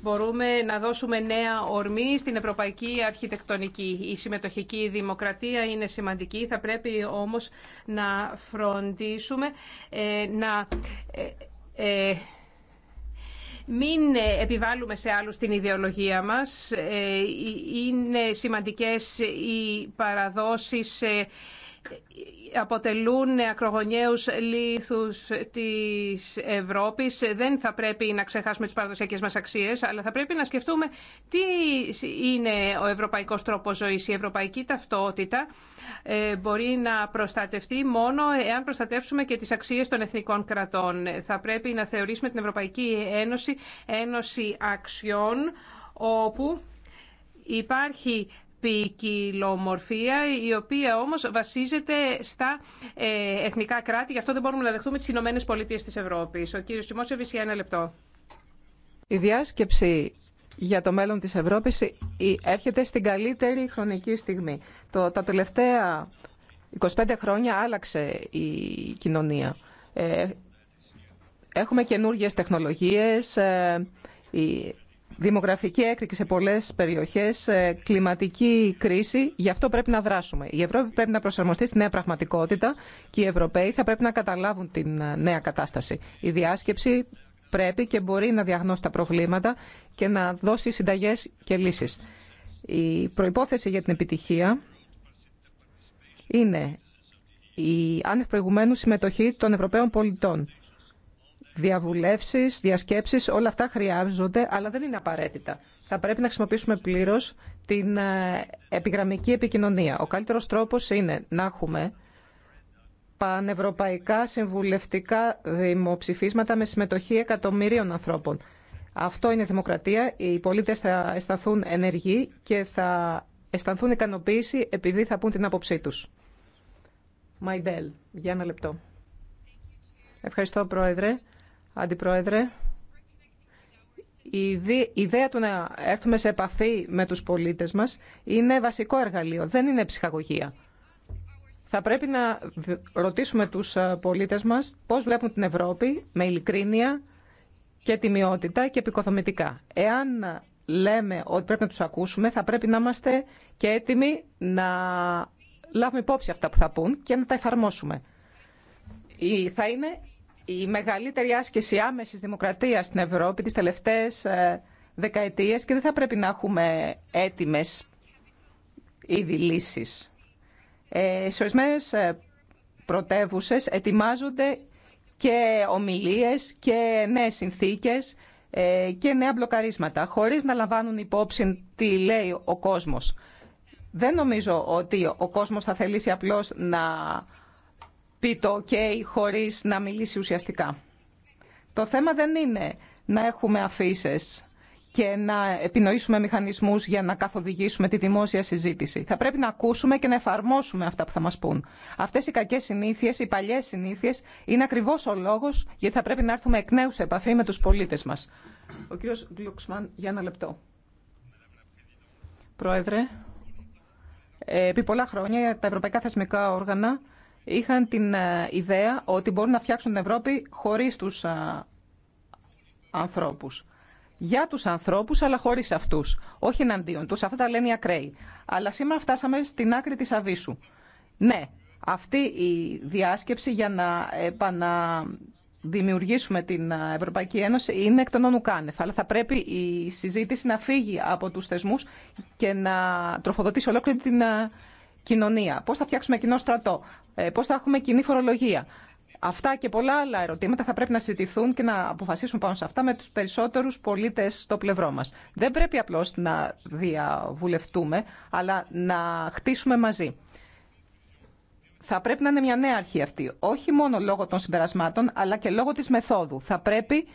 Μπορούμε να δώσουμε νέα ορμή στην ευρωπαϊκή αρχιτεκτονική. Η συμμετοχική δημοκρατία είναι σημαντική, θα πρέπει όμως να φροντίσουμε ε, να ε, ε, μην ε, επιβάλλουμε σε άλλους την ιδεολογία μας. Ε, ε, είναι σημαντικές οι παραδόσεις αποτελούν ακρογωνιαίους λίθους της Ευρώπης. Δεν θα πρέπει να ξεχάσουμε τις παραδοσιακές μας αξίες, αλλά θα πρέπει να σκεφτούμε τι είναι ο ευρωπαϊκός τρόπος ζωής. Η ευρωπαϊκή ταυτότητα ε, μπορεί να προστατευτεί μόνο εάν προστατεύσουμε και τις αξίες των εθνικών κρατών. Θα πρέπει να θεωρήσουμε την Ευρωπαϊκή Ένωση ένωση αξιών όπου υπάρχει ποικιλομορφία, η οποία όμως βασίζεται στα ε, εθνικά κράτη. Γι' αυτό δεν μπορούμε να δεχτούμε τις Ηνωμένε Πολιτείες της Ευρώπης. Ο κύριος Τιμόσεβης, για ένα λεπτό. Η διάσκεψη για το μέλλον της Ευρώπης έρχεται στην καλύτερη χρονική στιγμή. Το, τα τελευταία 25 χρόνια άλλαξε η κοινωνία. Ε, έχουμε καινούργιες τεχνολογίες, ε, η Δημογραφική έκρηξη σε πολλέ περιοχέ, ε, κλιματική κρίση. Γι' αυτό πρέπει να δράσουμε. Η Ευρώπη πρέπει να προσαρμοστεί στη νέα πραγματικότητα και οι Ευρωπαίοι θα πρέπει να καταλάβουν την ε, νέα κατάσταση. Η διάσκεψη πρέπει και μπορεί να διαγνώσει τα προβλήματα και να δώσει συνταγέ και λύσει. Η προπόθεση για την επιτυχία είναι η άνευ συμμετοχή των Ευρωπαίων πολιτών Διαβουλευσει, διασκέψεις, όλα αυτά χρειάζονται, αλλά δεν είναι απαραίτητα. Θα πρέπει να χρησιμοποιήσουμε πλήρω την ε, επιγραμμική επικοινωνία. Ο καλύτερος τρόπος είναι να έχουμε πανευρωπαϊκά συμβουλευτικά δημοψηφίσματα με συμμετοχή εκατομμυρίων ανθρώπων. Αυτό είναι δημοκρατία. Οι πολίτε θα αισθανθούν ενεργοί και θα αισθανθούν ικανοποίηση επειδή θα πούν την άποψή του. Μαϊντέλ, για λεπτό. Ευχαριστώ, Πρόεδρε. Αντιπρόεδρε, η ιδέα του να έρθουμε σε επαφή με τους πολίτες μας είναι βασικό εργαλείο, δεν είναι ψυχαγωγία. Θα πρέπει να ρωτήσουμε τους ε, πολίτες μας πώς βλέπουν την Ευρώπη με ειλικρίνεια και τιμιότητα και επικοδομητικά. Εάν λέμε ότι πρέπει να τους ακούσουμε, θα πρέπει να είμαστε και έτοιμοι να λάβουμε υπόψη αυτά που θα πούν και να τα εφαρμόσουμε. Θα είναι η μεγαλύτερη άσκηση άμεση δημοκρατία στην Ευρώπη τις τελευταίες ε, δεκαετίες και δεν θα πρέπει να έχουμε έτοιμε ήδη λύσει. Ε, σε ορισμένε πρωτεύουσε ετοιμάζονται και ομιλίες και νέες συνθήκες ε, και νέα μπλοκαρίσματα, χωρίς να λαμβάνουν υπόψη τι λέει ο κόσμος. Δεν νομίζω ότι ο κόσμος θα θελήσει απλώς να πει το ok χωρίς να μιλήσει ουσιαστικά. Το θέμα δεν είναι να έχουμε αφήσει και να επινοήσουμε μηχανισμούς για να καθοδηγήσουμε τη δημόσια συζήτηση. Θα πρέπει να ακούσουμε και να εφαρμόσουμε αυτά που θα μας πούν. Αυτές οι κακές συνήθειες, οι παλιές συνήθειες, είναι ακριβώς ο λόγος γιατί θα πρέπει να έρθουμε εκ νέου σε επαφή με τους πολίτες μας. Ο κύριος Γκλουξμαν, για ένα λεπτό. Πρόεδρε, ε, επί πολλά χρόνια τα ευρωπαϊκά θεσμικά όργανα είχαν την ε, ιδέα ότι μπορούν να φτιάξουν την Ευρώπη χωρίς τους ε, ανθρώπους. Για τους ανθρώπους, αλλά χωρίς αυτούς. Όχι εναντίον τους, αυτά τα λένε οι ακραίοι. Αλλά σήμερα φτάσαμε στην άκρη της Αβίσου. Ναι, αυτή η διάσκεψη για να επαναδημιουργήσουμε την ε, Ευρωπαϊκή Ένωση είναι εκ των όνου Αλλά θα πρέπει η συζήτηση να φύγει από τους θεσμούς και να τροφοδοτήσει ολόκληρη την κοινωνία, πώς θα φτιάξουμε κοινό στρατό, ε, πώς θα έχουμε κοινή φορολογία. Αυτά και πολλά άλλα ερωτήματα θα πρέπει να συζητηθούν και να αποφασίσουν πάνω σε αυτά με τους περισσότερους πολίτες στο πλευρό μας. Δεν πρέπει απλώς να διαβουλευτούμε, αλλά να χτίσουμε μαζί. Θα πρέπει να είναι μια νέα αρχή αυτή, όχι μόνο λόγω των συμπερασμάτων, αλλά και λόγω της μεθόδου. Θα πρέπει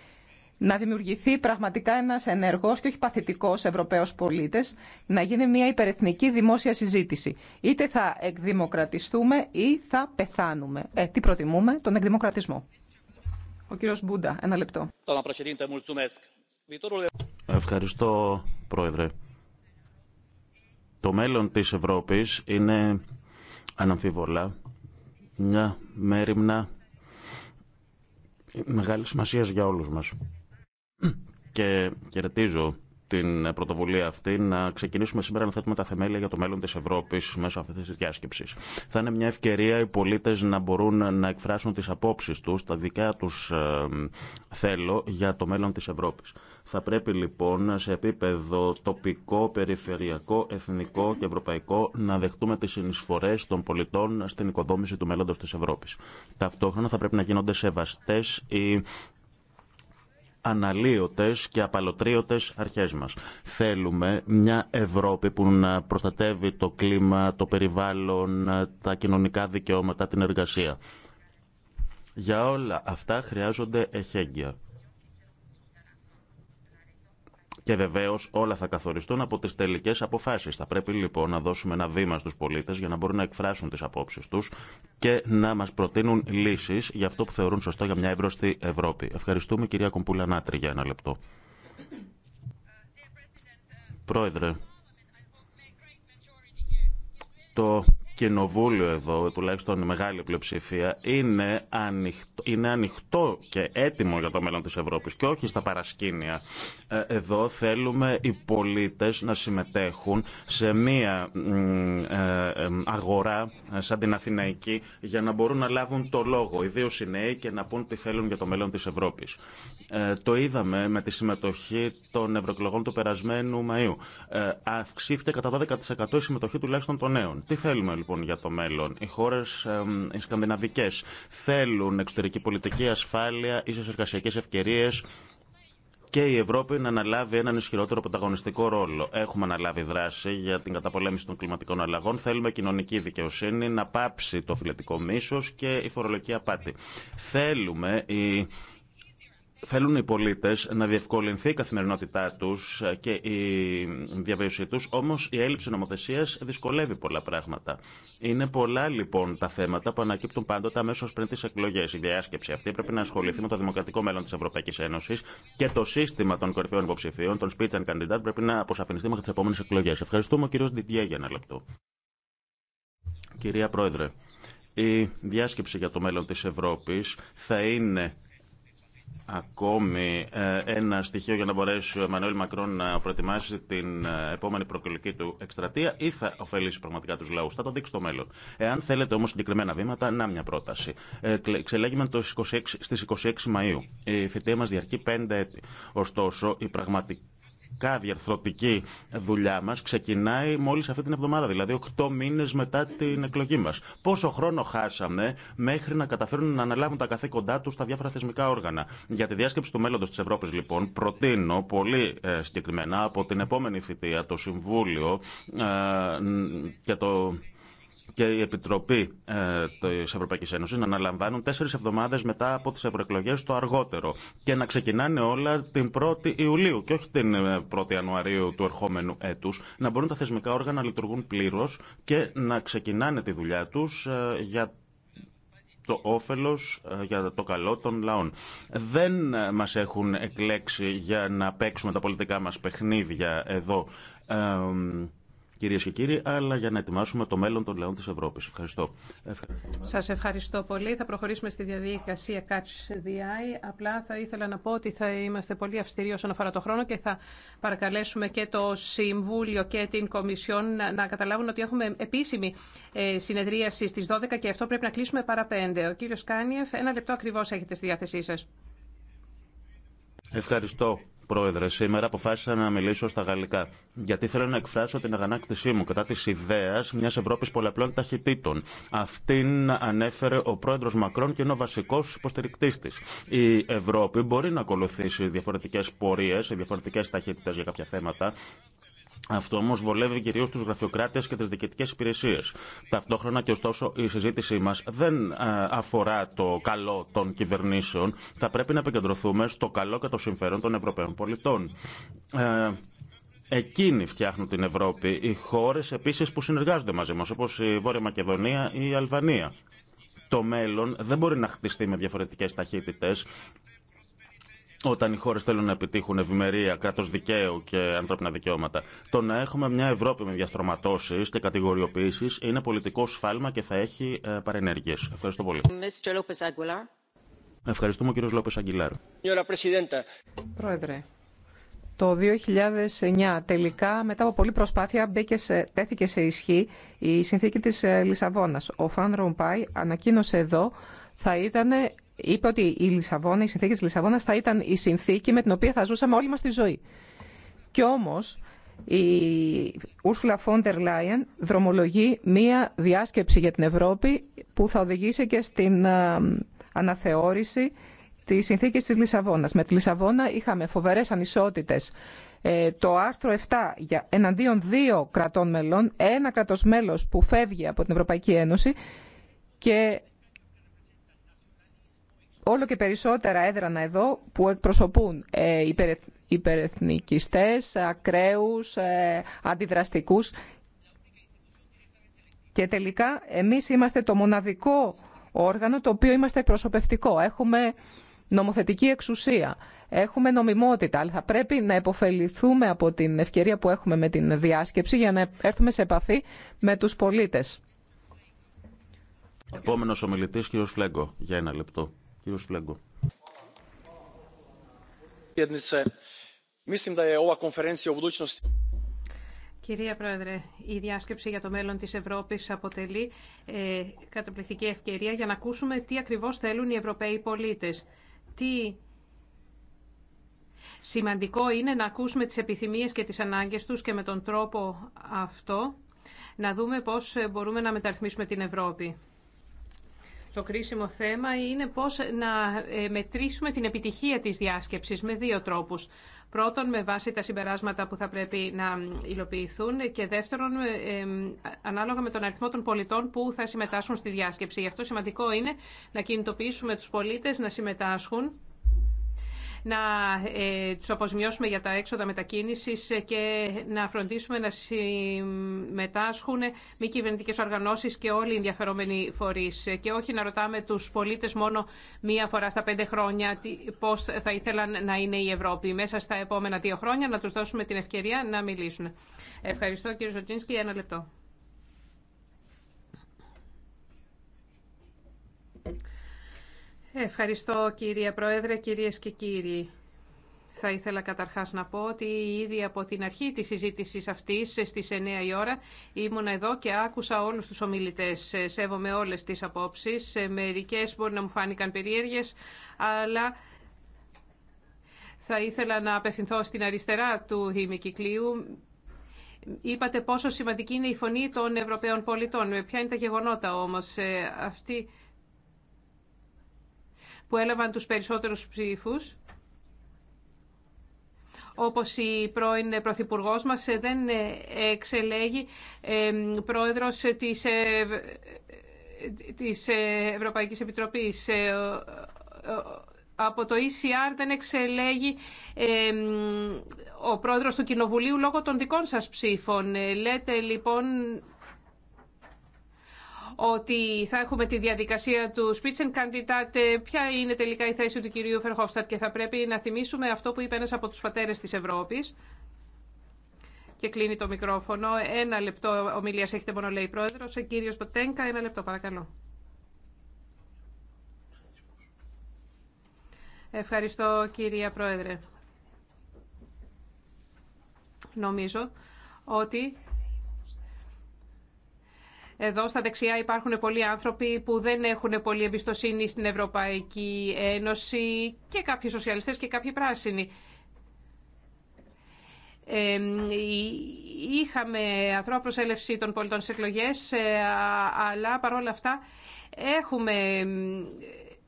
να δημιουργηθεί πραγματικά ένας ενεργός και όχι παθητικό Ευρωπαίος πολίτης, να γίνει μια υπερεθνική δημόσια συζήτηση. Είτε θα εκδημοκρατιστούμε ή θα πεθάνουμε. Ε, τι προτιμούμε, τον εκδημοκρατισμό. Ο κύριο Μπούντα, ένα λεπτό. Ευχαριστώ, Πρόεδρε. Το μέλλον της Ευρώπης είναι αναμφίβολα μια μέρημνα μεγάλη σημασία για όλους μας. Και κερδίζω την πρωτοβουλία αυτή να ξεκινήσουμε σήμερα να θέτουμε τα θεμέλια για το μέλλον τη Ευρώπη μέσω αυτή τη διάσκεψη. Θα είναι μια ευκαιρία οι πολίτε να μπορούν να εκφράσουν τι απόψει του, τα δικά του ε, θέλω για το μέλλον τη Ευρώπη. Θα πρέπει λοιπόν σε επίπεδο τοπικό, περιφερειακό, εθνικό και ευρωπαϊκό να δεχτούμε τι συνεισφορέ των πολιτών στην οικοδόμηση του μέλλοντο τη Ευρώπη. Ταυτόχρονα θα πρέπει να γίνονται σεβαστέ οι αναλύωτες και απαλωτρίωτες αρχές μας. Θέλουμε μια Ευρώπη που να προστατεύει το κλίμα, το περιβάλλον, τα κοινωνικά δικαιώματα, την εργασία. Για όλα αυτά χρειάζονται εχέγγυα. Και βεβαίω όλα θα καθοριστούν από τι τελικέ αποφάσει. Θα πρέπει λοιπόν να δώσουμε ένα βήμα στου πολίτε για να μπορούν να εκφράσουν τι απόψει του και να μα προτείνουν λύσει για αυτό που θεωρούν σωστό για μια εύρωστη Ευρώπη. Ευχαριστούμε κυρία Κομπούλα Νάτρη για ένα λεπτό. Πρόεδρε, το κοινοβούλιο εδώ, τουλάχιστον η μεγάλη πλειοψηφία, είναι ανοιχτό, είναι ανοιχτό και έτοιμο για το μέλλον της Ευρώπης και όχι στα παρασκήνια. Ε, εδώ θέλουμε οι πολίτες να συμμετέχουν σε μία ε, ε, αγορά σαν την Αθηναϊκή για να μπορούν να λάβουν το λόγο, ιδίω οι νέοι, και να πούν τι θέλουν για το μέλλον της Ευρώπης. Το είδαμε με τη συμμετοχή των ευρωεκλογών του περασμένου Μαΐου. Αυξήθηκε κατά 12% η συμμετοχή τουλάχιστον των νέων. Τι θέλουμε λοιπόν για το μέλλον. Οι χώρε οι σκανδιναβικέ θέλουν εξωτερική πολιτική ασφάλεια, ίσε εργασιακέ ευκαιρίε και η Ευρώπη να αναλάβει έναν ισχυρότερο πρωταγωνιστικό ρόλο. Έχουμε αναλάβει δράση για την καταπολέμηση των κλιματικών αλλαγών. Θέλουμε κοινωνική δικαιοσύνη να πάψει το φιλετικό μίσο και η φορολογική απάτη. Θέλουμε η Θέλουν οι πολίτε να διευκολυνθεί η καθημερινότητά του και η διαβίωσή του, όμω η έλλειψη νομοθεσία δυσκολεύει πολλά πράγματα. Είναι πολλά λοιπόν τα θέματα που ανακύπτουν πάντοτε αμέσω πριν τι εκλογέ. Η διάσκεψη αυτή πρέπει να ασχοληθεί με το δημοκρατικό μέλλον τη Ευρωπαϊκή Ένωση και το σύστημα των κορυφαίων υποψηφίων, των speech and candidate, πρέπει να αποσαφινιστεί μέχρι τι επόμενε εκλογέ. Ευχαριστούμε ο κύριο Ντιτιέ για ένα λεπτό. Κυρία Πρόεδρε, η διάσκεψη για το μέλλον της Ευρώπης θα είναι ακόμη ε, ένα στοιχείο για να μπορέσει ο Εμμανουέλ Μακρόν να προετοιμάσει την ε, επόμενη προκλητική του εκστρατεία ή θα ωφελήσει πραγματικά του λαού. Θα το δείξει το μέλλον. Εάν θέλετε όμω συγκεκριμένα βήματα, να μια πρόταση. Ε, ξελέγημε στι 26 Μαου. Η θητεία μα διαρκεί 5 έτη. Ωστόσο, η πραγματική πραγματικά διαρθρωτική δουλειά μα ξεκινάει μόλι αυτή την εβδομάδα, δηλαδή 8 μήνε μετά την εκλογή μα. Πόσο χρόνο χάσαμε μέχρι να καταφέρουν να αναλάβουν τα καθήκοντά του τα διάφορα θεσμικά όργανα. Για τη διάσκεψη του μέλλοντο τη Ευρώπη, λοιπόν, προτείνω πολύ ε, συγκεκριμένα από την επόμενη θητεία το Συμβούλιο για ε, το και η Επιτροπή ε, τη Ευρωπαϊκή Ένωση να αναλαμβάνουν τέσσερι εβδομάδε μετά από τι ευρωεκλογέ το αργότερο και να ξεκινάνε όλα την 1η Ιουλίου και όχι την 1η ε, Ιανουαρίου του ερχόμενου έτου. Να μπορούν τα θεσμικά όργανα να λειτουργούν πλήρω και να ξεκινάνε τη δουλειά του ε, για το όφελος ε, για το καλό των λαών. Δεν μας έχουν εκλέξει για να παίξουμε τα πολιτικά μας παιχνίδια εδώ κυρίε και κύριοι, αλλά για να ετοιμάσουμε το μέλλον των λαών τη Ευρώπη. Ευχαριστώ. Σα ευχαριστώ πολύ. Θα προχωρήσουμε στη διαδικασία Catch the Eye. Απλά θα ήθελα να πω ότι θα είμαστε πολύ αυστηροί όσον αφορά το χρόνο και θα παρακαλέσουμε και το Συμβούλιο και την Κομισιόν να, να καταλάβουν ότι έχουμε επίσημη ε, συνεδρίαση στι 12 και αυτό πρέπει να κλείσουμε παρά 5. Ο κύριο Κάνιεφ, ένα λεπτό ακριβώ έχετε στη διάθεσή σα. Ευχαριστώ, Πρόεδρε, σήμερα αποφάσισα να μιλήσω στα γαλλικά. Γιατί θέλω να εκφράσω την αγανάκτησή μου κατά τη ιδέα μια Ευρώπη πολλαπλών ταχυτήτων. Αυτήν ανέφερε ο πρόεδρο Μακρόν και είναι ο βασικό υποστηρικτή τη. Η Ευρώπη μπορεί να ακολουθήσει διαφορετικέ πορείε, διαφορετικέ ταχύτητε για κάποια θέματα αυτό όμω βολεύει κυρίω του γραφειοκράτε και τι διοικητικέ υπηρεσίε. Ταυτόχρονα και ωστόσο η συζήτησή μα δεν ε, αφορά το καλό των κυβερνήσεων. Θα πρέπει να επικεντρωθούμε στο καλό και το συμφέρον των Ευρωπαίων πολιτών. Ε, εκείνοι φτιάχνουν την Ευρώπη. Οι χώρε επίση που συνεργάζονται μαζί μα, όπω η Βόρεια Μακεδονία ή η Αλβανία. Το μέλλον δεν μπορεί να χτιστεί με διαφορετικέ ταχύτητε όταν οι χώρε θέλουν να επιτύχουν ευημερία, κράτο δικαίου και ανθρώπινα δικαιώματα. Το να έχουμε μια Ευρώπη με διαστρωματώσει και κατηγοριοποιήσει είναι πολιτικό σφάλμα και θα έχει ε, παρενέργειε. Ευχαριστώ πολύ. Ευχαριστούμε, κύριο Λόπε Αγγιλάρ. Πρόεδρε, το 2009 τελικά μετά από πολλή προσπάθεια μπήκε τέθηκε σε ισχύ η συνθήκη της ε, Λισαβόνας. Ο Φαν Ρομπάι ανακοίνωσε εδώ θα ήταν είπε ότι η Λισαβόνα, η συνθήκη τη Λισαβόνας θα ήταν η συνθήκη με την οποία θα ζούσαμε όλη μας τη ζωή. Και όμως η Ursula von der Leyen δρομολογεί μία διάσκεψη για την Ευρώπη που θα οδηγήσει και στην ε, αναθεώρηση τη συνθήκη τη Λισαβόνα. Με τη Λισαβόνα είχαμε φοβερέ ανισότητε. Ε, το άρθρο 7 για εναντίον δύο κρατών μελών, ένα κρατος μέλος που φεύγει από την Ευρωπαϊκή Ένωση και όλο και περισσότερα έδρανα εδώ που εκπροσωπούν ε, υπερεθ, υπερεθνικιστές, ε, ακραίους, ε, αντιδραστικούς και τελικά εμείς είμαστε το μοναδικό όργανο το οποίο είμαστε εκπροσωπευτικό. Έχουμε νομοθετική εξουσία, έχουμε νομιμότητα, αλλά θα πρέπει να υποφεληθούμε από την ευκαιρία που έχουμε με την διάσκεψη για να έρθουμε σε επαφή με τους πολίτες. Επόμενος ομιλητής, κύριος Φλέγκο, για ένα λεπτό. Κυρία Πρόεδρε, η διάσκεψη για το μέλλον της Ευρώπης αποτελεί ε, καταπληκτική ευκαιρία για να ακούσουμε τι ακριβώς θέλουν οι Ευρωπαίοι πολίτες. Τι σημαντικό είναι να ακούσουμε τις επιθυμίες και τις ανάγκες τους και με τον τρόπο αυτό να δούμε πώς μπορούμε να μεταρρυθμίσουμε την Ευρώπη. Το κρίσιμο θέμα είναι πώς να ε, μετρήσουμε την επιτυχία της διάσκεψης με δύο τρόπους. Πρώτον, με βάση τα συμπεράσματα που θα πρέπει να υλοποιηθούν και δεύτερον, ε, ε, ανάλογα με τον αριθμό των πολιτών που θα συμμετάσχουν στη διάσκεψη. Γι' αυτό σημαντικό είναι να κινητοποιήσουμε τους πολίτες να συμμετάσχουν να ε, του αποζημιώσουμε για τα έξοδα μετακίνηση ε, και να φροντίσουμε να συμμετάσχουν μη κυβερνητικέ οργανώσει και όλοι οι ενδιαφερόμενοι φορείς ε, και όχι να ρωτάμε τους πολίτες μόνο μία φορά στα πέντε χρόνια πώ θα ήθελαν να είναι η Ευρώπη. Μέσα στα επόμενα δύο χρόνια να τους δώσουμε την ευκαιρία να μιλήσουν. Ευχαριστώ κύριε Ζωτζίνσκι. Ένα λεπτό. Ευχαριστώ κύριε Πρόεδρε, κυρίες και κύριοι. Θα ήθελα καταρχάς να πω ότι ήδη από την αρχή της συζήτησης αυτής στις 9 η ώρα ήμουν εδώ και άκουσα όλους τους ομιλητές. Σέβομαι όλες τις απόψεις. Μερικές μπορεί να μου φάνηκαν περίεργες, αλλά θα ήθελα να απευθυνθώ στην αριστερά του ημικυκλίου. Είπατε πόσο σημαντική είναι η φωνή των Ευρωπαίων πολιτών. Ποια είναι τα γεγονότα όμως. Ε, Αυτή που έλαβαν τους περισσότερους ψήφους, όπως η πρώην Πρωθυπουργός μας, δεν εξελέγει πρόεδρος της, της Ευρωπαϊκής Επιτροπής. Από το ECR δεν εξελέγει ο πρόεδρος του Κοινοβουλίου λόγω των δικών σας ψήφων. Ε, λέτε λοιπόν ότι θα έχουμε τη διαδικασία του Spitzenkandidat, ποια είναι τελικά η θέση του κυρίου Φερχόφστατ και θα πρέπει να θυμίσουμε αυτό που είπε ένας από τους πατέρες της Ευρώπης. Και κλείνει το μικρόφωνο. Ένα λεπτό ομιλίας έχετε μόνο, λέει πρόεδρος. Ο κύριος Μποτένκα, ένα λεπτό παρακαλώ. Ευχαριστώ κυρία Πρόεδρε. Νομίζω ότι εδώ στα δεξιά υπάρχουν πολλοί άνθρωποι που δεν έχουν πολύ εμπιστοσύνη στην Ευρωπαϊκή Ένωση και κάποιοι σοσιαλιστές και κάποιοι πράσινοι. είχαμε ανθρώπους προσέλευση των πολιτών στις εκλογές, ε, αλλά παρόλα αυτά έχουμε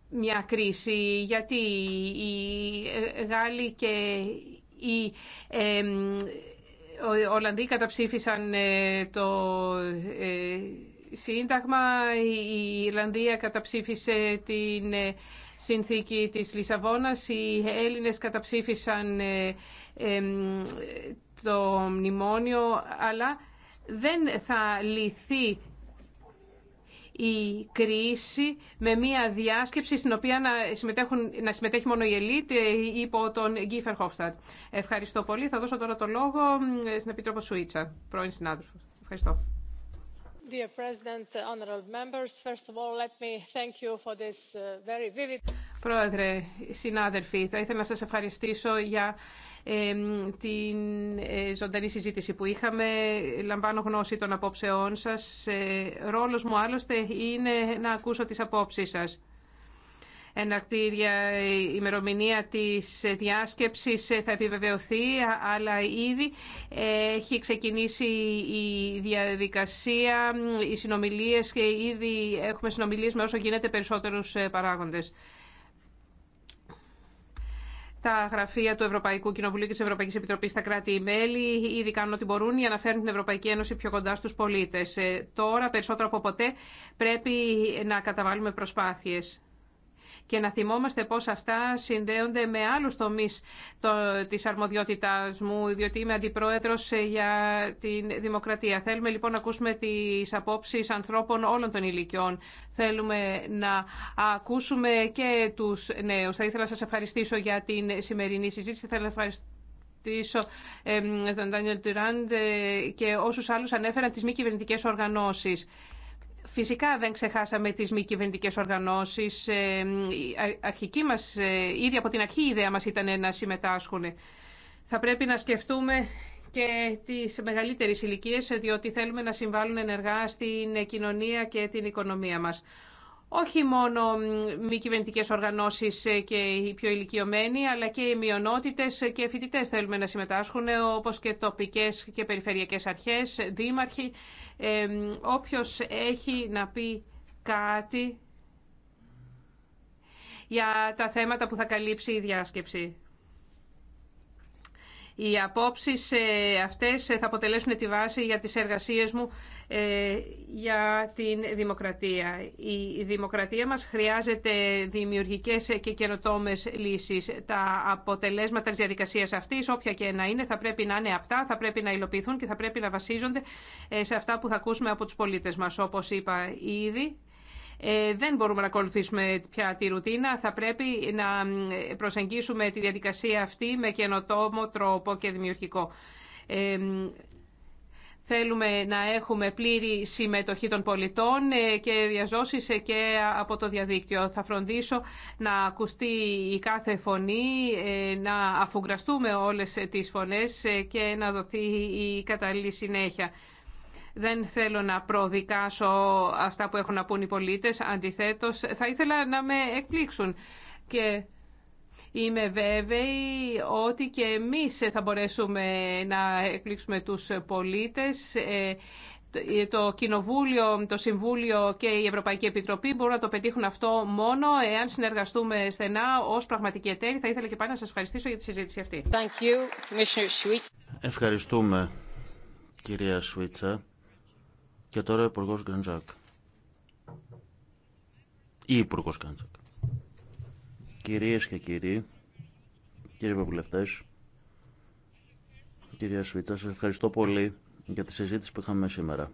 μια κρίση, γιατί οι ε, Γάλλοι και οι... Οι Ολλανδοί καταψήφισαν ε, το ε, Σύνταγμα, η Ιρλανδία καταψήφισε την ε, συνθήκη της Λισαβόνας, οι Έλληνες καταψήφισαν το μνημόνιο, αλλά δεν θα λυθεί η κρίση με μια διάσκεψη στην οποία να, να συμμετέχει μόνο η ελίτ υπό τον Γκίφερ Χόφστατ. Ευχαριστώ πολύ. Θα δώσω τώρα το λόγο στην Επίτροπο Σουίτσα, πρώην συνάδελφο. Ευχαριστώ. Dear President, honorable members, first of all, let me thank you for this uh, very vivid... Πρόεδρε, συνάδελφοι, θα ήθελα να σας ευχαριστήσω για την ε, ζωντανή συζήτηση που είχαμε. Λαμβάνω γνώση των απόψεών σας. Ε, ρόλος μου άλλωστε είναι να ακούσω τις απόψεις σας. Εναρκτήρια ε, ημερομηνία της διάσκεψης θα επιβεβαιωθεί, αλλά ήδη έχει ξεκινήσει η διαδικασία, οι συνομιλίες και ήδη έχουμε συνομιλίες με όσο γίνεται περισσότερους παράγοντες. Τα γραφεία του Ευρωπαϊκού Κοινοβουλίου και τη Ευρωπαϊκή Επιτροπή στα κράτη-μέλη ήδη κάνουν ό,τι μπορούν για να φέρουν την Ευρωπαϊκή Ένωση πιο κοντά στου πολίτε. Ε, τώρα, περισσότερο από ποτέ, πρέπει να καταβάλουμε προσπάθειε και να θυμόμαστε πώς αυτά συνδέονται με άλλους τομείς το, της αρμοδιότητάς μου, διότι είμαι αντιπρόεδρος ε, για την δημοκρατία. Θέλουμε λοιπόν να ακούσουμε τις απόψεις ανθρώπων όλων των ηλικιών. Θέλουμε να ακούσουμε και τους νέους. Θα ήθελα να σας ευχαριστήσω για την σημερινή συζήτηση. ήθελα να ευχαριστήσω τον Ντάνιελ Τουράντ ε, και όσους άλλους ανέφεραν τις μη κυβερνητικέ οργανώσεις. Φυσικά δεν ξεχάσαμε τις μη κυβερνητικέ οργανώσεις. Ε, αρχική μας, ε, ήδη από την αρχή η ιδέα μας ήταν να συμμετάσχουν. Θα πρέπει να σκεφτούμε και τις μεγαλύτερες ηλικίε, διότι θέλουμε να συμβάλλουν ενεργά στην κοινωνία και την οικονομία μας όχι μόνο μη κυβερνητικέ οργανώσει ε, και οι πιο ηλικιωμένοι, αλλά και οι μειονότητε και φοιτητέ θέλουμε να συμμετάσχουν, ε, όπω και τοπικέ και περιφερειακέ αρχέ, δήμαρχοι. Ε, Όποιο έχει να πει κάτι για τα θέματα που θα καλύψει η διάσκεψη. Οι απόψεις ε, αυτές ε, θα αποτελέσουν τη βάση για τις εργασίες μου ε, για την δημοκρατία. Η δημοκρατία μας χρειάζεται δημιουργικές και καινοτόμες λύσεις. Τα αποτελέσματα της διαδικασίας αυτής, όποια και να είναι, θα πρέπει να είναι αυτά, θα πρέπει να υλοποιηθούν και θα πρέπει να βασίζονται σε αυτά που θα ακούσουμε από τους πολίτες μας. Όπως είπα ήδη, ε, δεν μπορούμε να ακολουθήσουμε πια τη ρουτίνα. Θα πρέπει να προσεγγίσουμε τη διαδικασία αυτή με καινοτόμο τρόπο και δημιουργικό. Ε, θέλουμε να έχουμε πλήρη συμμετοχή των πολιτών ε, και διαζώσεις και από το διαδίκτυο. Θα φροντίσω να ακουστεί η κάθε φωνή, να αφουγκραστούμε όλες τις φωνές και να δοθεί η κατάλληλη συνέχεια. Δεν θέλω να προδικάσω αυτά που έχουν να πούν οι πολίτες. Αντιθέτως, θα ήθελα να με εκπλήξουν. Και είμαι βέβαιη ότι και εμείς θα μπορέσουμε να εκπλήξουμε τους πολίτες ε, το Κοινοβούλιο, το Συμβούλιο και η Ευρωπαϊκή Επιτροπή μπορούν να το πετύχουν αυτό μόνο εάν συνεργαστούμε στενά ως πραγματική εταίρη, Θα ήθελα και πάλι να σας ευχαριστήσω για τη συζήτηση αυτή. Ευχαριστούμε, κυρία Σουίτσα. Και τώρα ο υπουργό Γκαντζάκ. Ή υπουργό Γκαντζάκ. Κυρίε και κύριοι, κύριοι βουλευτές, κυρία Σβίτσα, σας ευχαριστώ πολύ για τη συζήτηση που είχαμε σήμερα.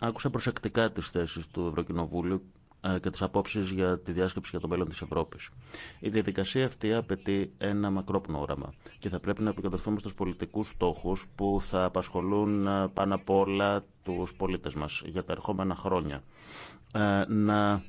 Άκουσα προσεκτικά τις θέσει του Ευρωκοινοβούλου ε, και τις απόψεις για τη διάσκεψη για το μέλλον της Ευρώπης. Η διαδικασία αυτή απαιτεί ένα μακρόπνο όραμα και θα πρέπει να επικεντρωθούμε στους πολιτικούς στόχους που θα απασχολούν ε, πάνω απ' όλα τους πολίτες μας για τα ερχόμενα χρόνια. Ε, να,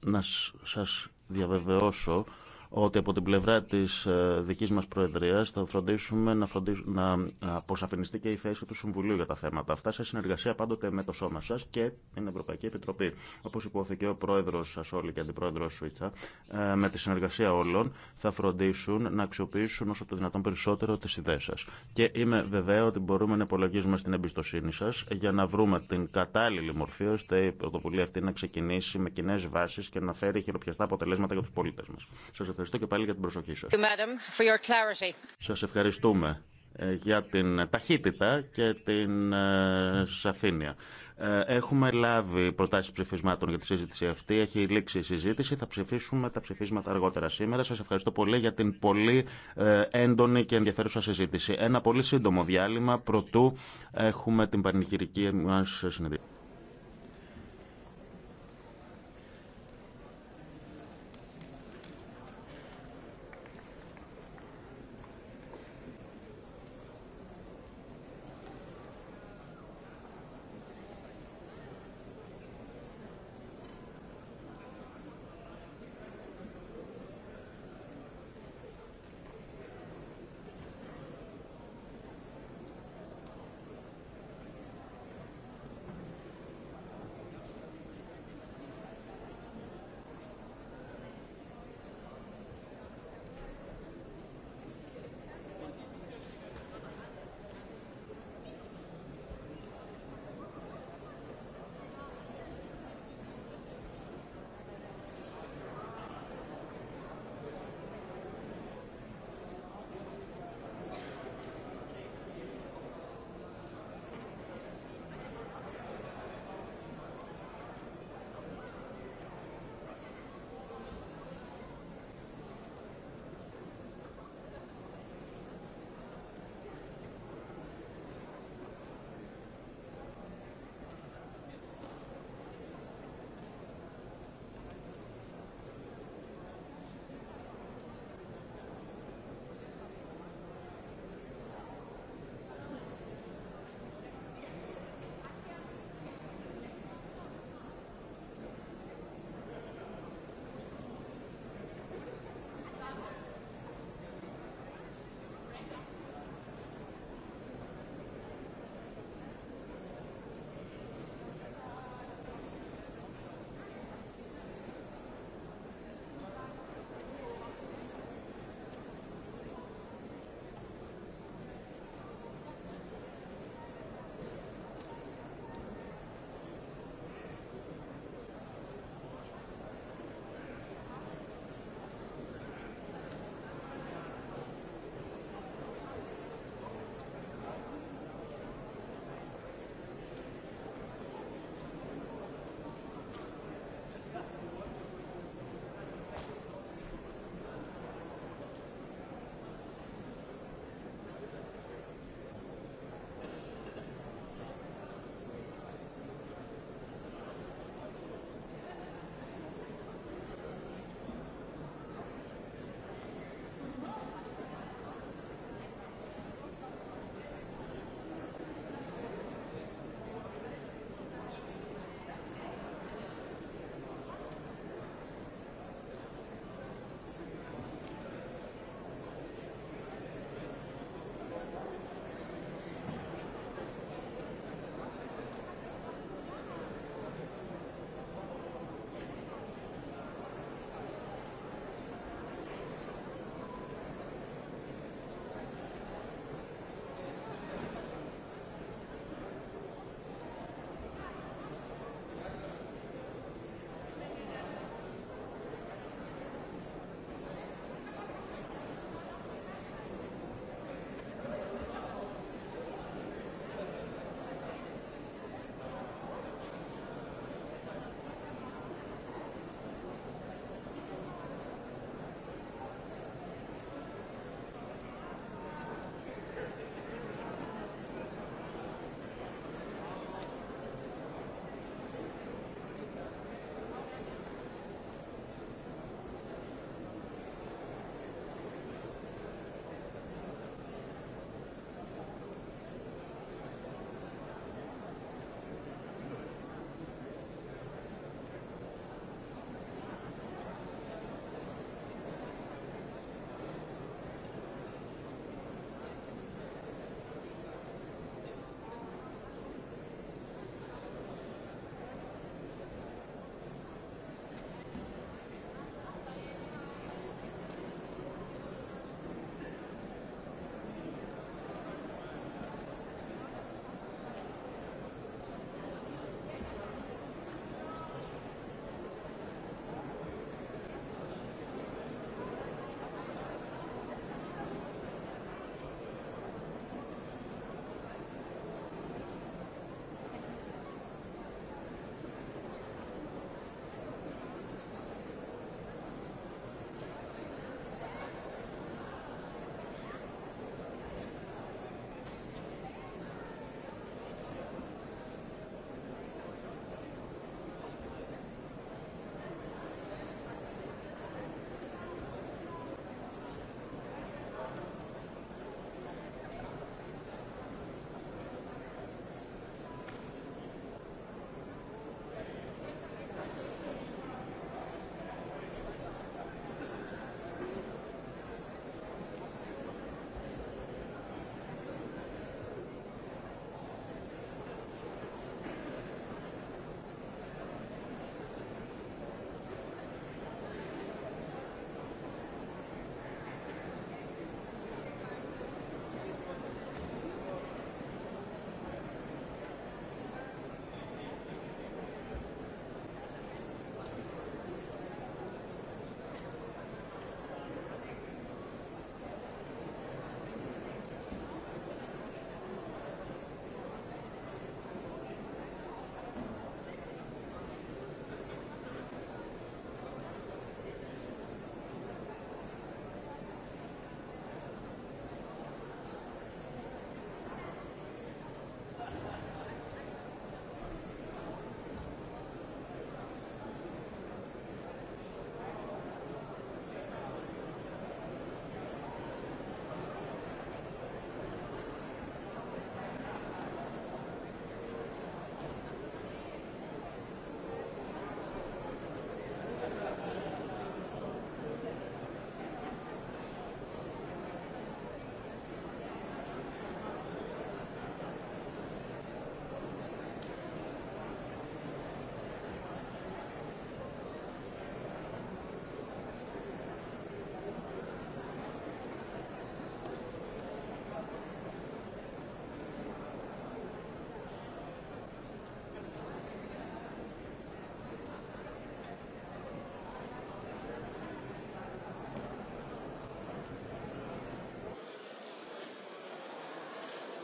να σας διαβεβαιώσω ότι από την πλευρά της ε, δικής μας Προεδρίας θα φροντίσουμε να, να ε, αποσαφινιστεί και η θέση του Συμβουλίου για τα θέματα αυτά σε συνεργασία πάντοτε με το σώμα σας και την Ευρωπαϊκή Επιτροπή. Όπως υπόθηκε ο Πρόεδρος σας όλοι και Αντιπρόεδρος Σουίτσα, ε, με τη συνεργασία όλων θα φροντίσουν να αξιοποιήσουν όσο το δυνατόν περισσότερο τις ιδέες σας. Και είμαι βεβαίω ότι μπορούμε να υπολογίζουμε στην εμπιστοσύνη σας για να βρούμε την κατάλληλη μορφή ώστε η πρωτοβουλία αυτή να ξεκινήσει με κοινέ βάσεις και να φέρει χειροπιαστά αποτελέσματα για τους πολίτες μας ευχαριστώ και πάλι για την προσοχή σας. Σας ευχαριστούμε ε, για την ταχύτητα και την ε, σαφήνεια. Ε, έχουμε λάβει προτάσεις ψηφισμάτων για τη συζήτηση αυτή. Έχει λήξει η συζήτηση. Θα ψηφίσουμε τα ψηφίσματα αργότερα σήμερα. Σας ευχαριστώ πολύ για την πολύ έντονη και ενδιαφέρουσα συζήτηση. Ένα πολύ σύντομο διάλειμμα. Προτού έχουμε την πανηγυρική μας συνεδρία.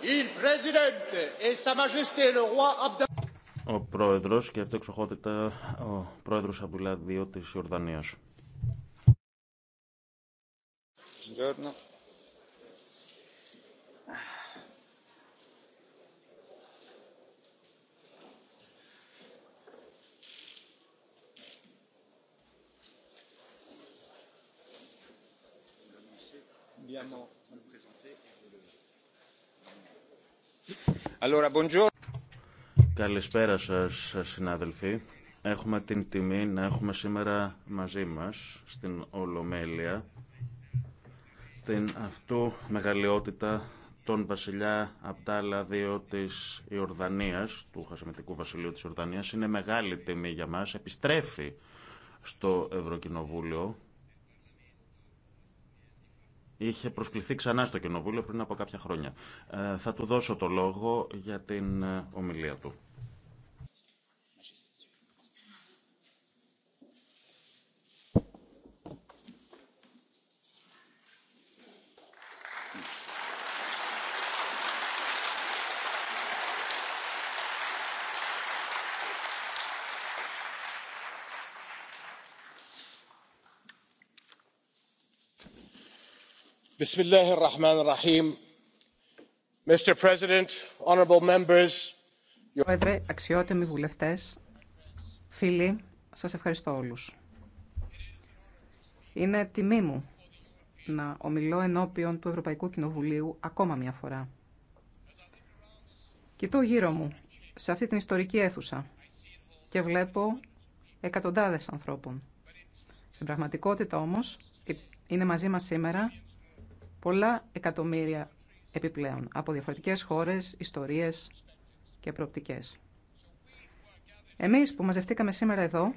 E ο πρόεδρο και αυτό εξοχότητα ο πρόεδρο Αμπουλά 2 τη Ιορδανία. Abbiamo Καλησπέρα σας συνάδελφοι. Έχουμε την τιμή να έχουμε σήμερα μαζί μας στην Ολομέλεια την αυτού μεγαλειότητα των βασιλιά Απτάλα 2 της Ιορδανίας, του Χασαμετικού Βασιλείου της Ιορδανίας. Είναι μεγάλη τιμή για μας. Επιστρέφει στο Ευρωκοινοβούλιο είχε προσκληθεί ξανά στο Κοινοβούλιο πριν από κάποια χρόνια. Ε, θα του δώσω το λόγο για την ε, ομιλία του. Πρόεδρε, αξιότιμοι βουλευτές, φίλοι, σας ευχαριστώ όλους. Είναι τιμή μου να ομιλώ ενώπιον του Ευρωπαϊκού Κοινοβουλίου ακόμα μια φορά. Κοιτώ γύρω μου, σε αυτή την ιστορική αίθουσα και βλέπω εκατοντάδες ανθρώπων. Στην πραγματικότητα όμως ε, είναι μαζί μας σήμερα πολλά εκατομμύρια επιπλέον από διαφορετικές χώρες, ιστορίες και προοπτικές. Εμείς που μαζευτήκαμε σήμερα εδώ